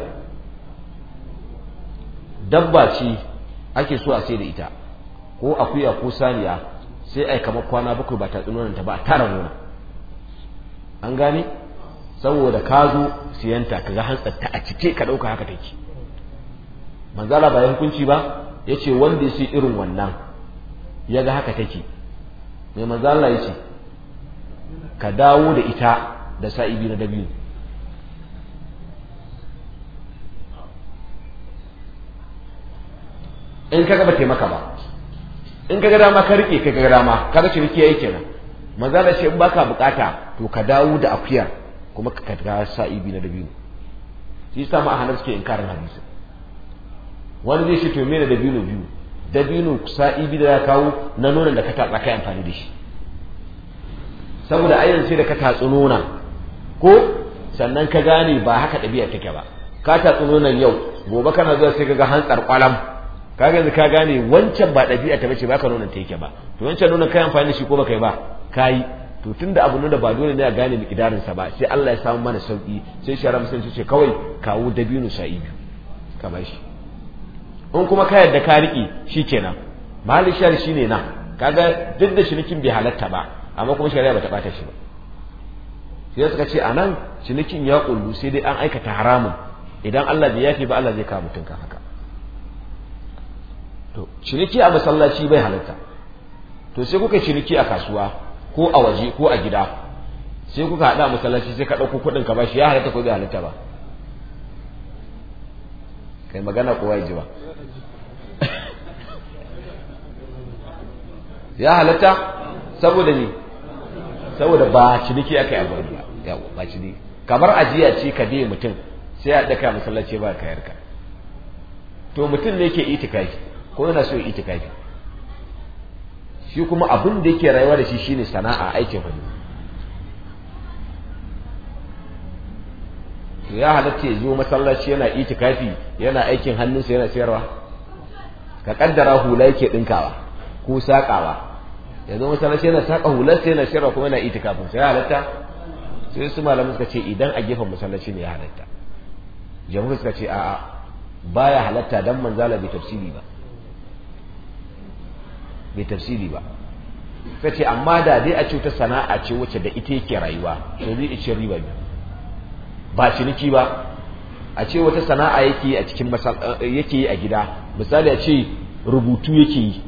dabba ce ake so a sai da ita ko akuya ko saniya sai ai kamar kwana bakwai ba ta tsinunan ta ba a tara nuna. an gane saboda ka zo siyanta ka ga hantsar ta a cike ka ɗauka haka take manzala ba hukunci ba ya ce wanda ya irin wannan ya ga haka take mai manzala ya ce ka dawo da ita da sa'i biyu na dabiyu in ka gaba taimaka ba in ka ga dama ka rike ka ga dama ka rike ciniki yayi kenan maza da shi baka bukata to ka dawo da akuya kuma ka ga sa'ibi na dabino shi yasa ma ahalar suke inkarin hadisi wani zai shi to mene dabino biyu dabino sa'ibi da ya kawo na nonon da ka tatsa kai amfani da shi saboda ayyan sai da ka tatsu nona ko sannan ka gane ba haka ɗabi'a take ba ka tatsu nonon yau gobe kana zuwa sai ka ga hantsar kwalam ka ga ka gane wancan ba ɗabi'a ta bace ba ka nonon ta yake ba to wancan nonon kai amfani da shi ko ba kai ba kayi to tunda abu da ba dole ne a gane mikidarin sa ba sai Allah ya samu mana sauki sai shara musulunci ce kawai kawo dabino sa'i biyu kamar shi in kuma ka yarda ka riƙe shikenan mahallin shari ne nan kaga duk da shirikin bai halatta ba amma kuma shari'a bata bata shi ba sai suka ce anan cinikin ya kullu sai dai an aikata haramun idan Allah bai yafe ba Allah zai kawo mutum haka to ciniki a masallaci bai halatta to sai kuka ciniki a kasuwa ko a waje ko a gida sai kuka haɗa masallaci sai ka ɗauko kuɗin ka bashi ya halatta ko bai halatta ba kai magana kowa ya ji ba ya halatta saboda ni saboda ba ciniki aka yi abin ba ba ciniki kamar ajiya ce ka bi mutum sai a ɗaka masallaci ba kayarka to mutum ne ke itikafi ko yana so ya itikafi shi kuma abin da yake rayuwa da shi shine sana'a aikin hannu ya halatta ya zo masallaci yana itikafi yana aikin hannunsa yana sayarwa ka kaddara hula yake dinkawa ko sakawa zo masallaci yana saka hularsa yana sayarwa kuma yana itikafin sai halatta sai su malamin suka ce idan a gefen masallaci ne ya halatta jamhur suka ce a'a baya halatta dan manzala bai tafsiri ba bai tafsiri ba kace ce amma da dai a ce ta sana'a ce wacce da ita yake rayuwa to zai ci riba ne ba niki ba a ce wata sana'a yake a cikin yake a gida misali a ce rubutu yake yi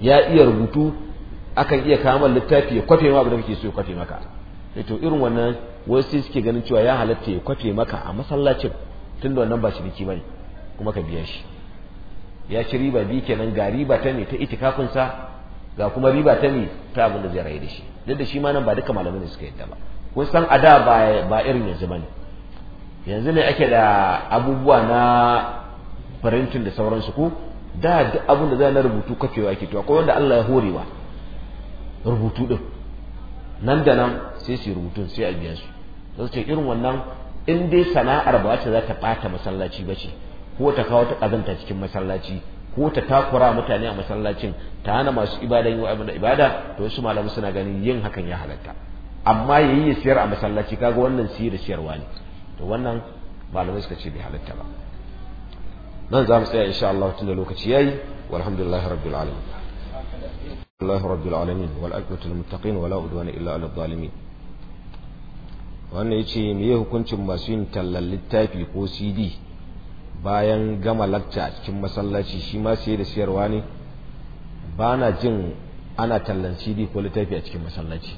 ya iya rubutu akan iya kama littafi ya kwafe ma da kake so ya kwafe maka eh to irin wannan wasu suke ganin cewa ya halatta ya kwafe maka a masallacin tunda wannan ba ciniki bane kuma ka biya shi ya ci riba biyu kenan ga riba ta ne ta itikafinsa ga kuma riba ta ne ta abin da zai rayu da shi duk da shi ma nan ba duka malamai ne suka yadda ba kun san a da ba irin yanzu ba ne, yanzu ne ake da abubuwa na farantin da sauransu ko da duk abin da za na rubutu kafewa ake to akwai wanda Allah ya horewa rubutu din nan da nan sai su rubutu sai a biya su sai ce irin wannan in dai sana'ar ba ta za ta bata masallaci ba ce ko ta kawo ta kazanta cikin masallaci ko ta takura mutane a masallacin ta hana masu ibada yin abin da ibada to wasu malamu suna ganin yin hakan ya halatta amma yayi ya siyar a masallaci kaga wannan siyar da siyarwa ne to wannan malamai suka ce bai halatta ba nan za mu tsaya insha Allah tun da lokaci yayi walhamdulillahi rabbil alamin الله رب العالمين والأكبة المتقين ولا أدوان إلا على الظالمين وأن يتشي ميه كنتم ماسين تلا للتايب يقو سيدي bayan gama lakca a cikin masallaci shi ma sai da siyarwa ne ba na jin ana tallan cd ko littafi a cikin masallaci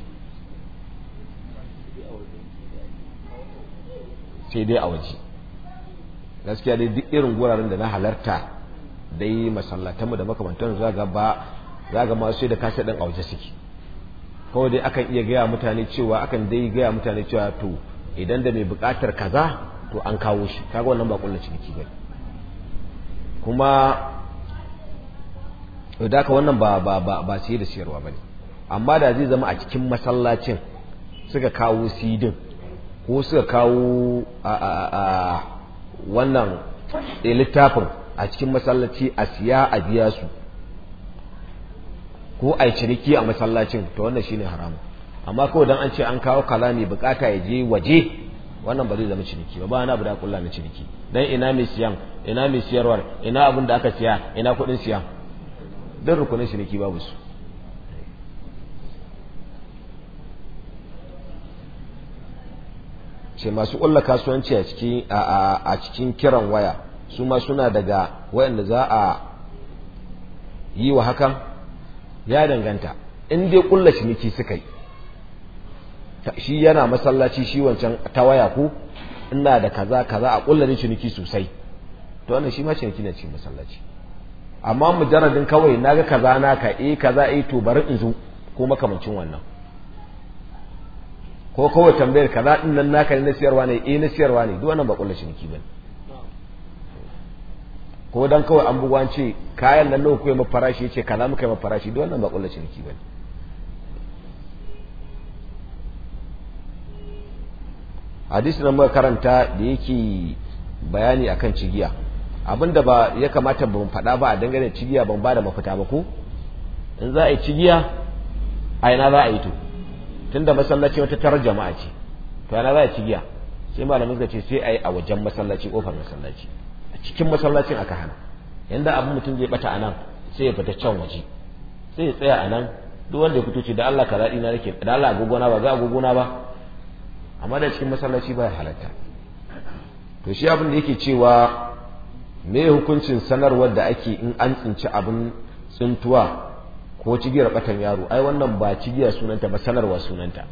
sai dai a waje gaskiya dai duk irin guraren da na halarta dai masallatanmu da makamantar zaga ba zaga ma sai da kasa ɗin a waje suke kawai dai akan iya gaya mutane cewa akan dai gaya mutane cewa to idan da mai buƙatar kaza to an kawo shi kaga wannan ba kullu ciniki bane kuma da ka wannan ba ba ba ba sai da siyarwa bane amma da zai zama a cikin masallacin suka kawo sidin ko suka kawo a wannan eh, littafin a cikin masallaci a siya a biya su ko a yi ciniki a masallacin to wannan shine haramun amma kawai dan an ce an kawo kala ne bukata ya je waje wannan ba zai zama ciniki ba ba na da kulla na ciniki dan ina mai siyan ina mai siyarwar ina abin da aka siya ina kuɗin siya duk rukunin ciniki babu su ce masu kulla kasuwanci a cikin a cikin kiran waya su ma suna daga wayanda za a yi wa hakan ya danganta in dai kulla ciniki suka yi shi yana masallaci shi wancan ta waya ko ina da kaza kaza a kullarin ciniki sosai to wannan shi ma ciniki ne cikin masallaci amma mujarradin kawai naga kaza ka eh kaza eh to bari in zo ko makamancin wannan ko kawai tambayar kaza din nan naka ne na siyarwa ne eh na siyarwa ne duk wannan ba kullu ciniki bane ko dan kawai an bugu an ce kayan nan nawa kuke mafarashi yace kaza muka yi mafarashi duk wannan ba kullu ciniki bane hadisi na muka karanta da yake bayani akan cigiya abinda ba ya kamata mu faɗa ba a dangane cigiya ban ba da mafita ba ko in za a yi cigiya a ina za a yi to tunda masallaci wata tarar jama'a ce to ina za a yi cigiya sai malamin suka ce sai a yi a wajen masallaci kofar masallaci a cikin masallacin aka hana yanda abin mutum zai bata nan, sai ya fita can waje sai ya tsaya anan duk wanda ya fito ce da Allah kaza na nake da Allah agogona ba za agogona ba amma da cikin masallaci ya halatta to shi abin da yake cewa me hukuncin sanarwar da ake in an tsinci abin tsintuwa ko cigiyar batan yaro ai wannan ba cigiya sunanta ba sanarwa sunanta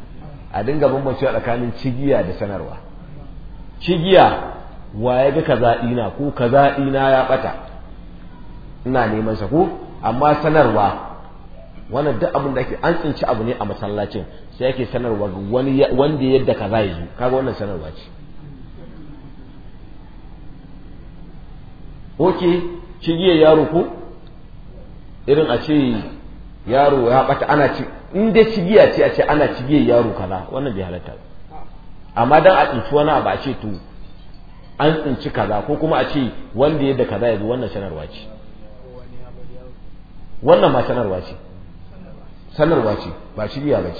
a dinga a tsakanin cigiya da sanarwa cigiya wa ya ga kaza ina ko kaza ina ya bata ina neman sa ko amma sanarwa wannan duk abin da ake an tsinci abu ne a masallacin sai yake sanarwa wani wanda yadda ka za zo kaga wannan sanarwa ce oke cigiyar yaro ko irin a ce yaro ya bata ana ci in dai giya ce a ce ana cigiyar yaro kaza wannan bai halatta amma dan a tsinci wani abu a ce to an tsinci kaza ko kuma a ce wanda yadda kaza ya zo wannan sanarwa ce wannan ma sanarwa ce sanarwa ce ba shirya ba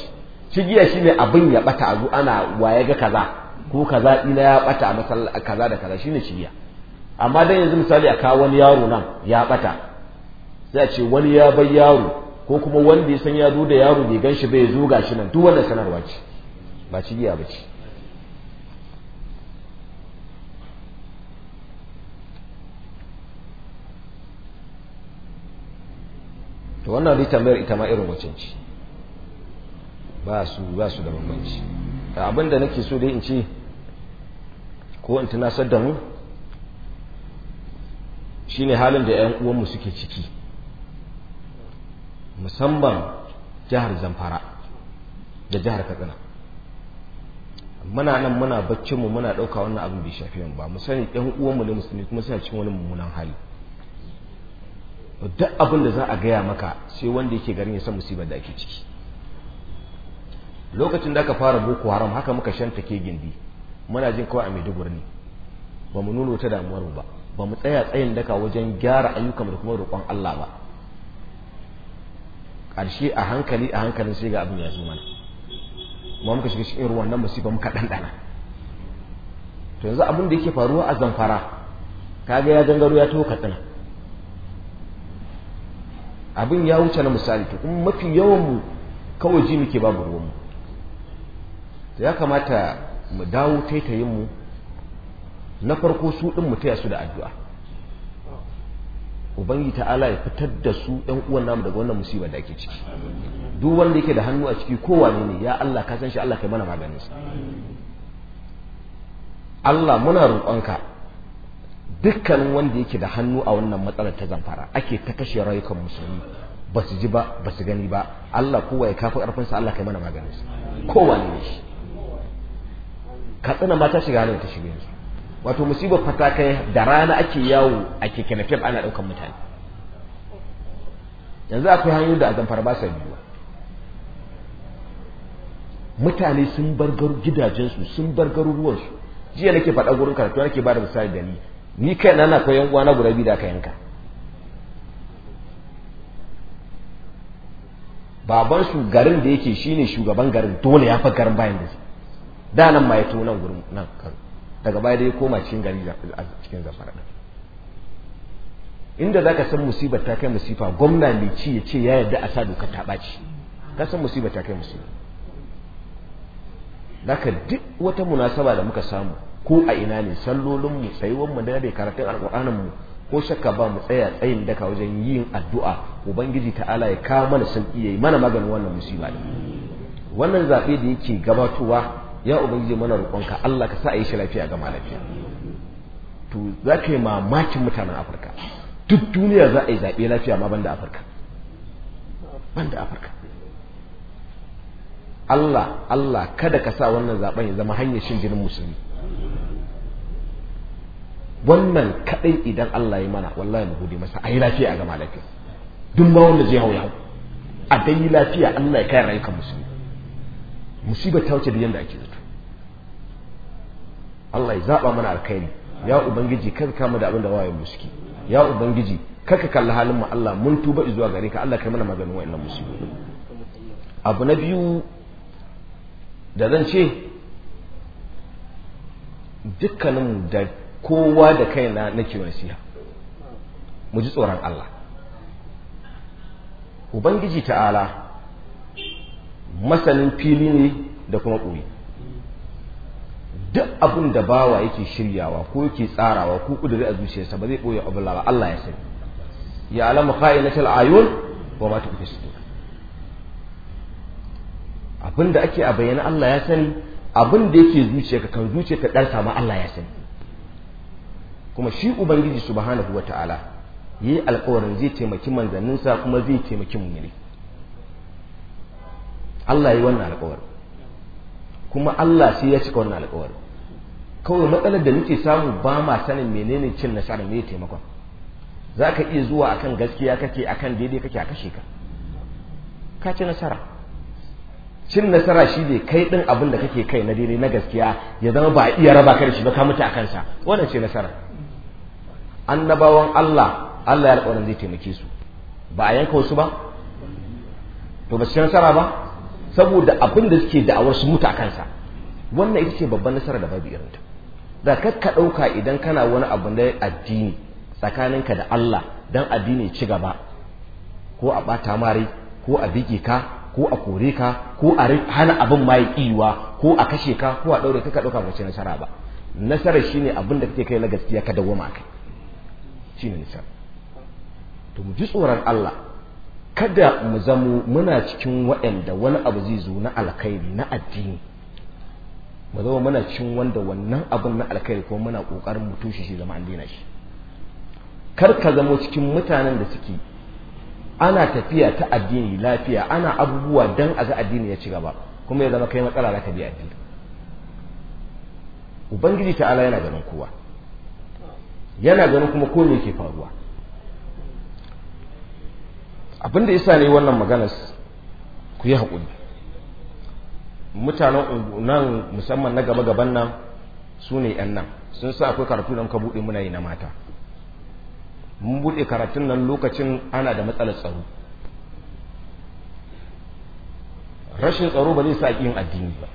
ce shi ne abin ya bata zu ana waye ga kaza ko kaza ina ya bata a kaza da kaza Shi shine shirya amma dan yanzu misali a kawo wani yaro nan ya bata sai a ce wani ya bar yaro ko kuma wanda ya san ya zo da yaro bai gan shi bai zo gashi nan duk wannan sanarwa ce ba shirya ba ce to wannan dai tambayar ita ma irin wacin ce ba su ba su da bambanci da abinda nake so dai in ce ko in tunasar da mu shine halin da 'yan uwanmu suke ciki musamman jihar zamfara da jihar katsina muna nan muna baccinmu muna ɗauka wannan abin bai shafi mu ba mu sani 'yan uwanmu ne musulmi kuma suna cikin wani mummunan hali duk abin da za a gaya maka sai wanda yake garin ya san musibar da ake ciki lokacin da aka fara boko haram haka muka shanta ke gindi muna jin kawai a maiduguri ne ba mu nuna wata damuwar ba ba mu tsaya tsayin daka wajen gyara ayyukan da kuma roƙon Allah ba ƙarshe a hankali a hankalin sai ga abin ya zo mana kuma muka shiga cikin ruwan nan musiba muka dandana to yanzu abin da yake faruwa a zamfara kaga ya gangaro ya taho katsina abin ya wuce na misali to kuma mafi yawan mu kawai ji muke babu ruwan mu to ya kamata mu dawo taitayin mu na farko su din mu taya su da addu'a ubangi ta'ala ya fitar da su ɗan uwan namu daga wannan musibar da ake ciki duk wanda yake da hannu a ciki kowane ne ya Allah ka san shi Allah kai mana maganin sa Allah muna roƙonka dukkanin wanda yake da hannu a wannan matsalar ta zamfara ake ta kashe rayukan musulmi ba su ji ba ba su gani ba Allah kowa ya kafa ƙarfinsa Allah kai mana maganinsa kowa ne shi katsina ma ta shiga hannun ta shiga yanzu wato musibar fata kai da rana ake yawo a keke nafiyar ana ɗaukar mutane yanzu akwai hanyu da a zamfara ba sa biyuwa mutane sun bar gidajensu sun bar garuruwansu jiya nake faɗa gurin karatu nake ba da misali da ni kai na na koyan uwana guda biyu da aka yanka baban su garin da yake shine shugaban garin dole ya fa garin bayan da shi da nan ma ya to nan gurin nan kan daga baya dai koma cikin gari a cikin zafara da inda zaka san musibar ta kai musifa gwamna mai ci ya ce ya yarda a sa doka ta ɓaci ka san musibar ta kai musifa zaka duk wata munasaba da muka samu ko a ina ne sallolin mu tsayuwan mu da karatun alqur'anin mu ko shakka ba mu tsaya tsayin daka wajen yin addu'a ubangiji ta'ala ya kawo mana sauki yayi mana maganin wannan musiba din wannan zabe da yake gabatowa ya ubangiji mana roƙonka Allah ka sa a yi shi lafiya ga malafiya to za ka yi mamakin mutanen Afirka duk duniya za a yi zaɓe lafiya ma banda Afirka banda Afirka Allah Allah kada ka sa wannan zaben ya zama hanyar shin jinin musulmi wannan kadai idan Allah ya mana wallahi mu gode masa ayi lafiya a gama duk ma wanda zai hauya a dai lafiya Allah ya kai rayukan musulmi musibar ta wuce da ake zato Allah ya zaba mana alkhairi ya ubangiji kar ka mu da abin da wayan muski ya ubangiji kaka kalla halin mu Allah mun tuba zuwa gare ka Allah kai mana maganin wa'annan musibi abu na biyu da zan ce dukkanin da kowa da kai na nake nasiha mu ji tsoron Allah ubangiji ta'ala masanin fili ne da kuma ƙuri duk abin da bawa yake shiryawa ko yake tsarawa ko kudure a zuciyarsa ba zai ɓoye abin ba Allah ya sani ya alamu kha'inatul ayun wa ma kufi su abin da ake a bayyana Allah ya sani abin da yake ka, kan ka ɗarsa ma Allah ya sani kuma shi ubangiji subhanahu wataala yi alƙawarin zai taimaki manzanninsa kuma zai taimaki ne Allah yi wannan alkawar kuma Allah sai ya cika wannan alkawar kawai matsalar da nake samu ba ma sanin menene cin nasara mai taimakon za ka iya zuwa akan gaskiya kake akan daidai kake a kashe ka ka ci nasara cin nasara shi ne kai ɗin abin da kake kai na daidai na gaskiya ya zama ba a iya raba ka da shi ba ka mutu a kansa wannan ce nasara annabawan Allah Allah ya alƙawarin zai taimake su ba a yanka wasu ba to ba su nasara ba saboda abin da suke da'awar su mutu a kansa wannan ita ce babban nasara da babu irinta da kakka ɗauka idan kana wani abu na addini tsakaninka da Allah dan addini ci gaba ko a ɓata mare ko a bige ka ko a kore ka ko a hana abin ma ya ko a kashe ka ko a ɗaure ka ɗauka mace nasara ba nasara shine abin da kake kai na gaskiya ka dawoma kai shine nasara to mu ji tsoron Allah kada mu zamo muna cikin waɗanda wani abu zai zo na alkhairi na addini mu zama muna cikin wanda wannan abin na alkhairi kuma muna kokarin mu tushe shi zama an daina shi kar ka zamo cikin mutanen da suke ana tafiya ta addini lafiya ana abubuwa dan a ga addini ya ci gaba kuma ya zama kai matsala za ka bi addini ubangiji ta Ala yana ganin kowa yana ganin kuma ko me ke faruwa abinda isa ne wannan maganas ku yi haƙuri mutanen nan musamman na gaba-gaban nan su ne 'yan nan sun sa akwai karatu don ka buɗe muna yi na mata mun buɗe karatun nan lokacin ana da matsalar tsaro rashin tsaro ba zai sa yin addini ba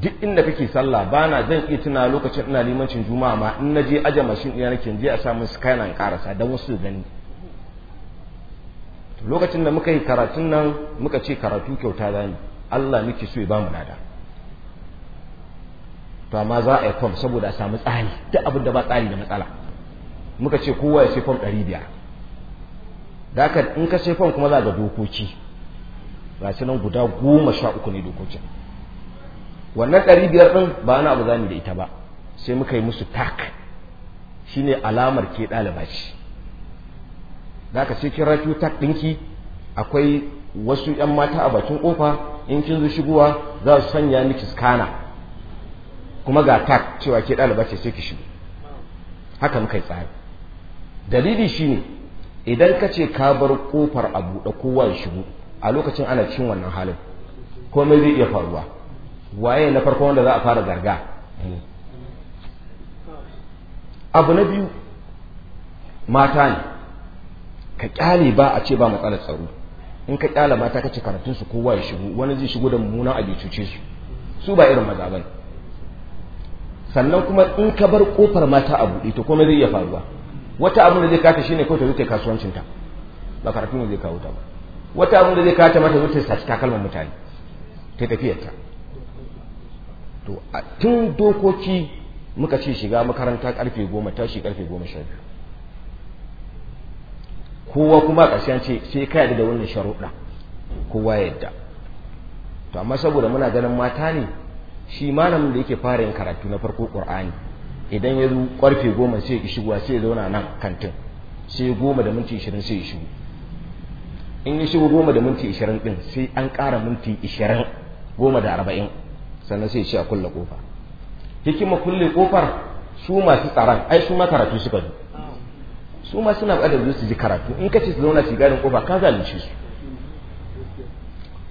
duk inda kake sallah ba na zan iya tuna lokacin ina limancin juma'a ma in je aje mashin ina nake je a samu skyline in karasa dan wasu gani lokacin da muka yi karatun nan muka ce karatu kyauta ni Allah muke so ya ba mu nada. to amma za a yi kwam saboda a samu tsari duk abin da ba tsari da matsala muka ce kowa ya sai fam ɗari biyar da aka in ka sai fam kuma za ga dokoki ba su nan guda goma sha uku ne dokokin wannan ɗari biyar ɗin ba na abu za da ita ba sai muka yi musu tak shine alamar ke ɗaliba ce da aka sai kin rafi tak ɗinki akwai wasu 'yan mata a bakin ƙofa in kin zo shigowa za su sanya miki skana kuma ga tak cewa ke ɗaliba ce sai ki shigo haka muka yi tsari dalili shine idan ka ce ka bar kofar a buɗe kowa ya shigo a lokacin ana cin wannan halin komai zai iya faruwa waye na farko wanda za a fara garga abu na biyu mata ne ka kyale ba a ce ba matsalar tsaro in ka kyala mata ka ce karatun su kowa ya shigo wani zai shigo da mummunan abu cuce su su ba irin maza bane sannan kuma in ka bar kofar mata a buɗe to komai zai iya faruwa wata abin da zai kata shine kawai ta zo kasuwancinta ba karatu ne zai kawo ta ba wata abin da zai kata mata zuta ta saci takalman mutane ta tafiyar ta to tun dokoki muka ce shiga makaranta karfe goma tashi karfe goma sha biyu kowa kuma ƙarshen ce sai ka yadda da wannan sharuɗa kowa yadda to amma saboda muna ganin mata ne shi malamin da yake fara yin karatu na farko ƙur'ani idan ya zo karfe goma sai ya shigo sai ya zauna nan kantin sai goma da minti ishirin sai ya shigo in ya shigo goma da minti ishirin din sai an ƙara minti ishirin goma da arba'in sannan sai ya ce a kulle kofa hikima kulle kofar su masu tsaron ai su ma karatu suka zo su ma suna buƙatar su ji karatu in ka ce su zauna su gadin kofa ka zalunce su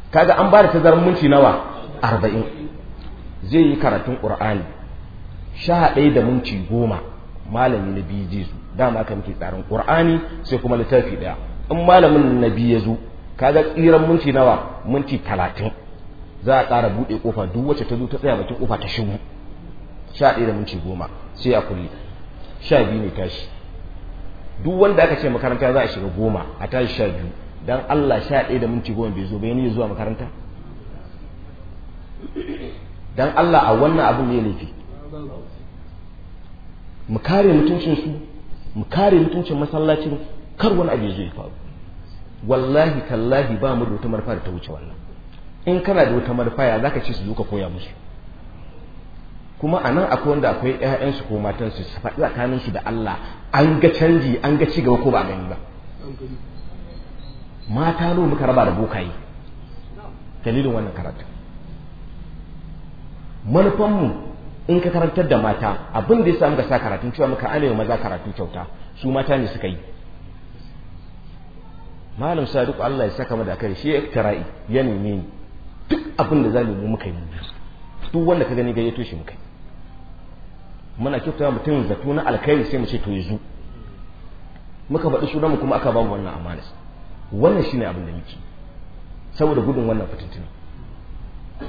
kaga an ba da tazarar minti nawa arba'in zai yi karatun ƙur'ani sha da minti goma malami na biyu zai zo dama ka muke tsarin qur'ani sai kuma littafi ɗaya in malamin na biyu ya zo kaga tsiran minti nawa minti talatin za a tsara buɗe ƙofa duk wacce ta zo ta tsaya bakin ƙofa ta shigo sha da minti goma sai a kulle sha ne tashi duk wanda aka ce makaranta za a shiga goma a tashi sha dan Allah sha da minti goma bai zo ba yana zuwa makaranta dan Allah a wannan abin ne laifi mu kare mutuncin su mu kare mutuncin masallacin kar wani abu zai faru wallahi tallahi ba mu da wata marfa da ta wuce wannan in kana da wata marfa ya zaka ce su zo ka koya musu kuma anan nan akwai wanda akwai su ko matansu su faɗi tsakanin su da Allah an ga canji an ga cigaba ko ba gani ba mata no muka raba da bokaye dalilin wannan karatu manufanmu in ka karantar da mata abin da ya samu ka sa karatun cewa muka anewa maza karatu kyauta su mata ne suka yi malam sadiq Allah ya saka mada da kai shi ya tarai ya neme ni duk abin da zamu mu muka yi duk wanda ka gani gaya shi muka muna kyauta mutum zato na alkhairi sai mu ce to yazo muka faɗi sunan mu kuma aka ba mu wannan amana wannan shine abin da muke saboda gudun wannan fitintuna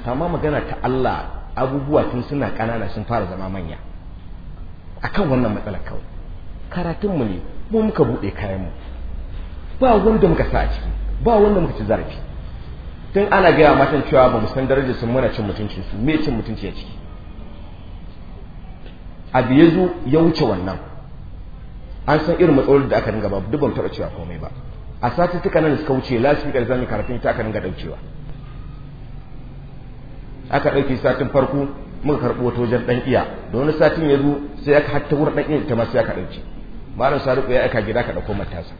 amma magana ta Allah abubuwa tun suna kanana sun fara zama manya akan wannan matsalar kawai karatunmu ne mu muka buɗe kayanmu ba wanda muka sa a ciki ba wanda muka ci zarafi tun ana gaya matan cewa ba mu san darajar sun muna cin mutuncin su me cin mutunci ya ciki abu ya zo ya wuce wannan an san irin matsalolin da aka ringa ba duk ban taɓa cewa komai ba a satuttuka nan suka wuce last week da karatun ita aka ringa daukewa aka ɗauki satin farko muka karɓo wata wajen ɗan iya da wani satin ya zo sai aka hatta wurin ɗan iya ita ma sai aka ɗauki. malam ya aika gida ka ɗauko matasa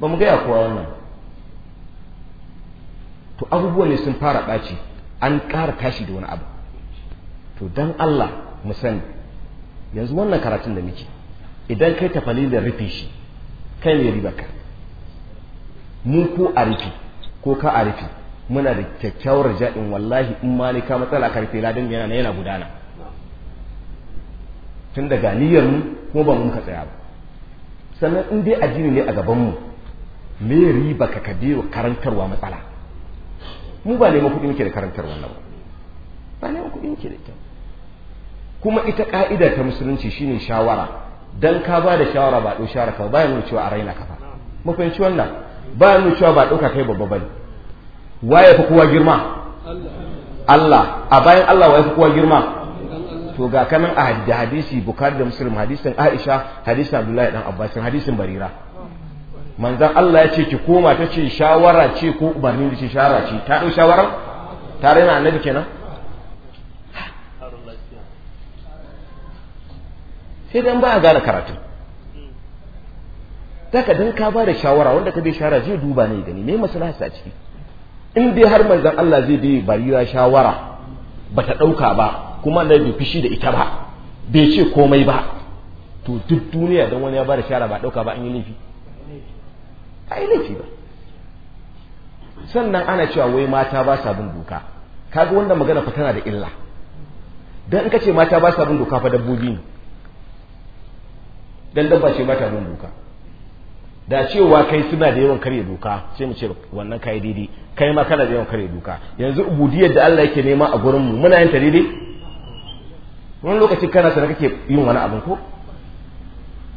ba mu gaya kowa wannan to abubuwa ne sun fara ɓaci an ƙara tashi da wani abu to dan Allah mu sani yanzu wannan karatun da muke idan kai da rufe shi kai ne ribarka mun ko a rufe ko ka a rufe muna da kyakkyawar jaɗin wallahi in ma ne kama matsala karfe ladin yana yana gudana tun daga niyyar mu kuma ba mun ka tsaya ba sannan in dai addini ne a gaban mu me riba ka kabiru karantarwa matsala mu ba neman kuɗi muke da karantarwa nan ba ba neman kuɗi muke da ita kuma ita ka'ida ta musulunci shine shawara dan ka ba da shawara ba ɗau shawara ka ba ya nuna cewa a raina ka ba mu yanci wannan ba ya nuna cewa ba ɗauka kai babba bane waye fi kowa girma Allah a bayan Allah waye fi kowa girma to ga kanan a hadisi bukari da muslim hadisin aisha hadisin abdullahi dan abbasin hadisin barira manzan Allah ya ce ki koma ta ce shawara ce ko ubarni da ce shawara ce ta ɗau shawara ta raina annabi kenan sai dan ba a gane karatu ka dan ka ba da shawara wanda ka bai shawara zai duba ne gani me maslaha a ciki in dai har manzan Allah zai bi barira shawara ba ta ɗauka ba kuma Allah bai fishi da ita ba bai ce komai ba to duk duniya don wani ya bada shara ba ɗauka ba an yi laifi a yi laifi ba sannan ana cewa wai mata ba sa bin doka kaga wanda magana fa tana da illa dan in ka ce mata ba sa bin doka fa dabbobi ne dan dabba ce mata bin doka da cewa kai suna da yawan karya doka sai mu ce wannan kai daidai kai ma kana da yawan karya doka yanzu ubudiyar da Allah yake nema a gurin mu muna yin ta daidai wani lokaci kana sanar kake yin wani abin ko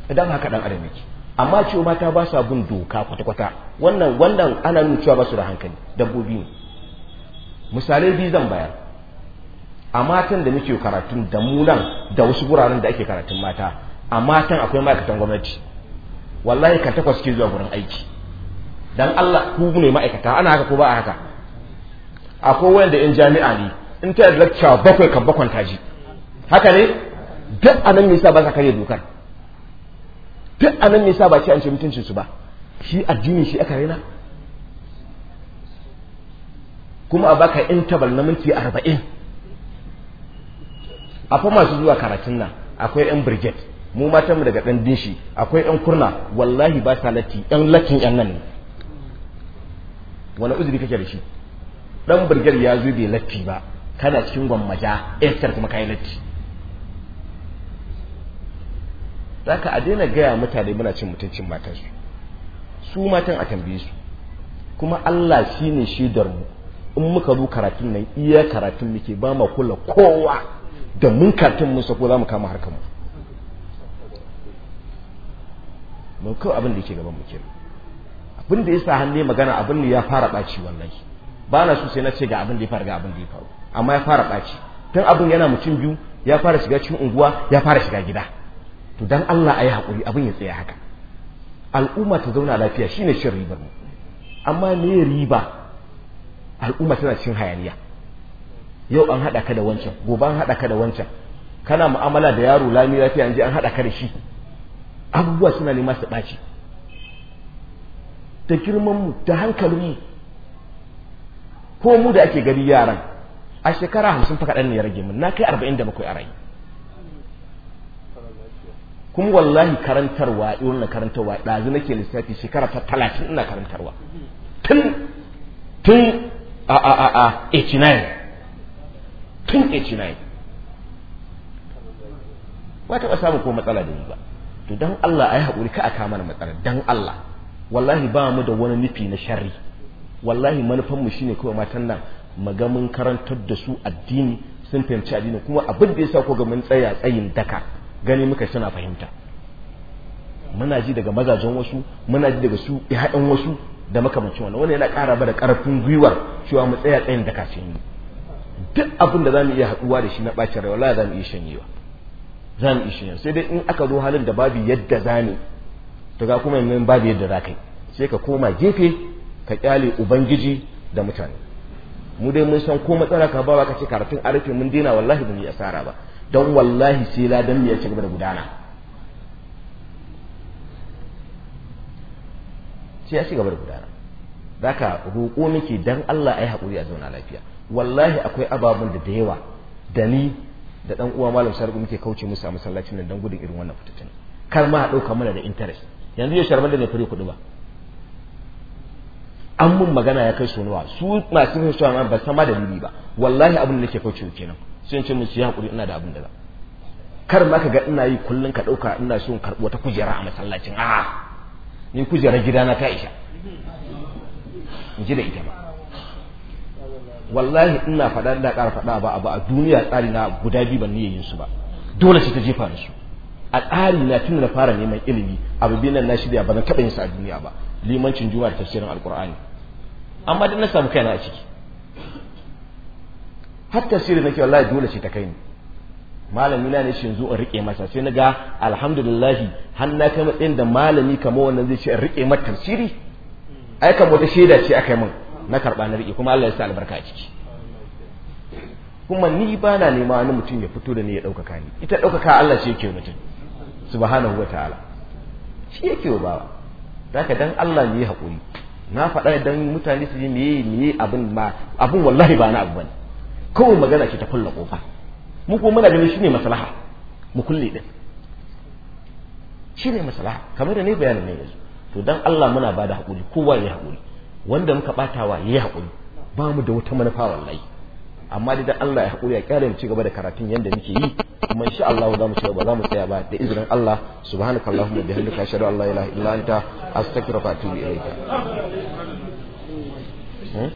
idan haka dan adam yake amma cewa mata ba su bin doka kwata-kwata wannan wannan ana nuna cewa ba su da hankali dabbobi ne misalai biyu zan bayar a matan da muke karatun da mu nan da wasu guraren da ake karatun mata a matan akwai ma'aikatan gwamnati wallahi ka takwas ke zuwa gurin aiki dan Allah ku ne ma'aikata ana haka ko ba haka akwai wanda yan jami'a ne in ta lecture bakwai kan bakwan taji haka ne duk anan me yasa ba ka kare dokar duk anan me yasa ba ce an ce mutuncin su ba shi addini shi aka raina kuma a baka interval na minti arba'in a fa masu zuwa karatun nan akwai yan brigade mu matan mu daga ɗan dinshi akwai ɗan kurna wallahi ba sa latti ɗan lakin ɗan nan wani uzuri kake da shi ɗan burger ya zo bai latti ba kana cikin gwammaja ester kuma kai latti ka a daina gaya mutane muna cin mutuncin matarsu su matan a tambaye su kuma Allah shi shine shaidar mu in muka zo karatun nan iya karatun muke ba ma kula kowa da mun karatun mun sako za mu kama harkar mu mun kawai abin da yake gaban mu kenan abin da yasa hannu magana abin ne ya fara baci wallahi ba na so sai na ce ga abin da ya fara ga abin da ya faru amma ya fara baci tun abin yana mutum biyu ya fara shiga cikin unguwa ya fara shiga gida to dan Allah ayi hakuri abin ya tsaya haka al'umma ta zauna lafiya shine shin ribar mu amma me riba al'umma tana cikin hayaniya yau an hada ka da wancan gobe an hada ka da wancan kana mu'amala da yaro lami lafiya an je an hada ka da shi abubuwa suna nema su ɓaci ta girmanmu ta hankalinmu ko mu da ake gari yaran a shekara hamsin fa kaɗan ne ya rage mun na kai arba'in da bakwai a rai kuma wallahi karantarwa irin na karantarwa ɗazu nake lissafi shekara ta talatin ina karantarwa tun tun a a a a 89 tun 89 ba taɓa samun ko matsala da ni ba to dan Allah ai hakuri ka aka mana matsala dan Allah wallahi ba mu da wani nufi na sharri wallahi manufan mu shine kuma matan nan maga mun karantar da su addini sun fahimci addini kuma abin da yasa ko ga mun tsaya tsayin daka gani muka suna fahimta muna ji daga mazajen wasu muna ji daga su haɗin wasu da makamancin wannan wannan yana ƙara bada ƙarfin gwiwar cewa mu tsaya tsayin daka yi duk abin da zamu iya haɗuwa da shi na bacin rai wallahi zamu iya shanyewa za mu ishe sai dai in aka zo halin da babu yadda za ne to ga kuma yanzu babu yadda za kai sai ka koma gefe ka kyale ubangiji da mutane mu dai mun san ko matsala ka ba ka ce karatun arifin mun dina wallahi mun yi asara ba don wallahi sai ladan ya ci gaba da gudana sai ya ci gaba da gudana zaka roƙo miki dan Allah ai hakuri a zauna lafiya wallahi akwai ababun da da yawa da ni da ɗan uwa malam sarku muke kauce musu a masallacin nan dan gudun irin wannan fitattun kar ma a dauka mana da interest yanzu ya sharbar da ne fure kuɗi ba an mun magana ya kai sonuwa su masu kai sonuwa ba sama da dalili ba wallahi abin da nake kauce kenan sun ce mun su hakuri ina da abin da za kar ma ka ga ina yi kullun ka dauka ina so in karbo wata kujera a masallacin a ni kujerar gidana ta isha in ji da ita ba wallahi ina faɗa da ƙara faɗa ba ba a duniya tsari na guda biyu ban niyyar su ba dole sai ta jefa ni su a tsari na tun da fara neman ilimi abu biyu nan na shirya ba zan taɓa yin su a duniya ba limancin juma da tafsirin alƙur'ani amma duk na samu kai na a ciki har tafsirin nake wallahi dole sai ta kai ni malami na ne shi yanzu in rike masa sai na ga alhamdulillahi har na kai matsayin da malami kamar wannan zai ce in rike mata tafsiri ai kamar wata shaida ce aka yi min na karɓa na riƙe kuma Allah ya sa albarka a ciki kuma ni ba na nema wani mutum ya fito da ni ya ɗaukaka ni ita ɗaukaka Allah shi yake mutum subhanahu wa ta'ala shi yake wa bawa ka dan Allah ne hakuri na faɗa dan mutane su yi miye miye abin ma abin wallahi ba na abu bane kawai magana ce ta kulla kofa mu kuma muna ganin shine maslaha mu kulle din shine maslaha kamar da ne bayanin ne yanzu to dan Allah muna bada hakuri kowa ya hakuri wanda muka batawa ya yi haƙuri ba mu da wata manufa wallahi amma da Allah ya haƙuri ya kyale mu ci gaba da karatun yanda muke yi kuma in Allah za mu ci gaba za mu tsaya ba da izinin Allah subhanakallahumma bihamdika ashhadu an la ilaha illa anta astaghfiruka wa atubu ilayka hmm?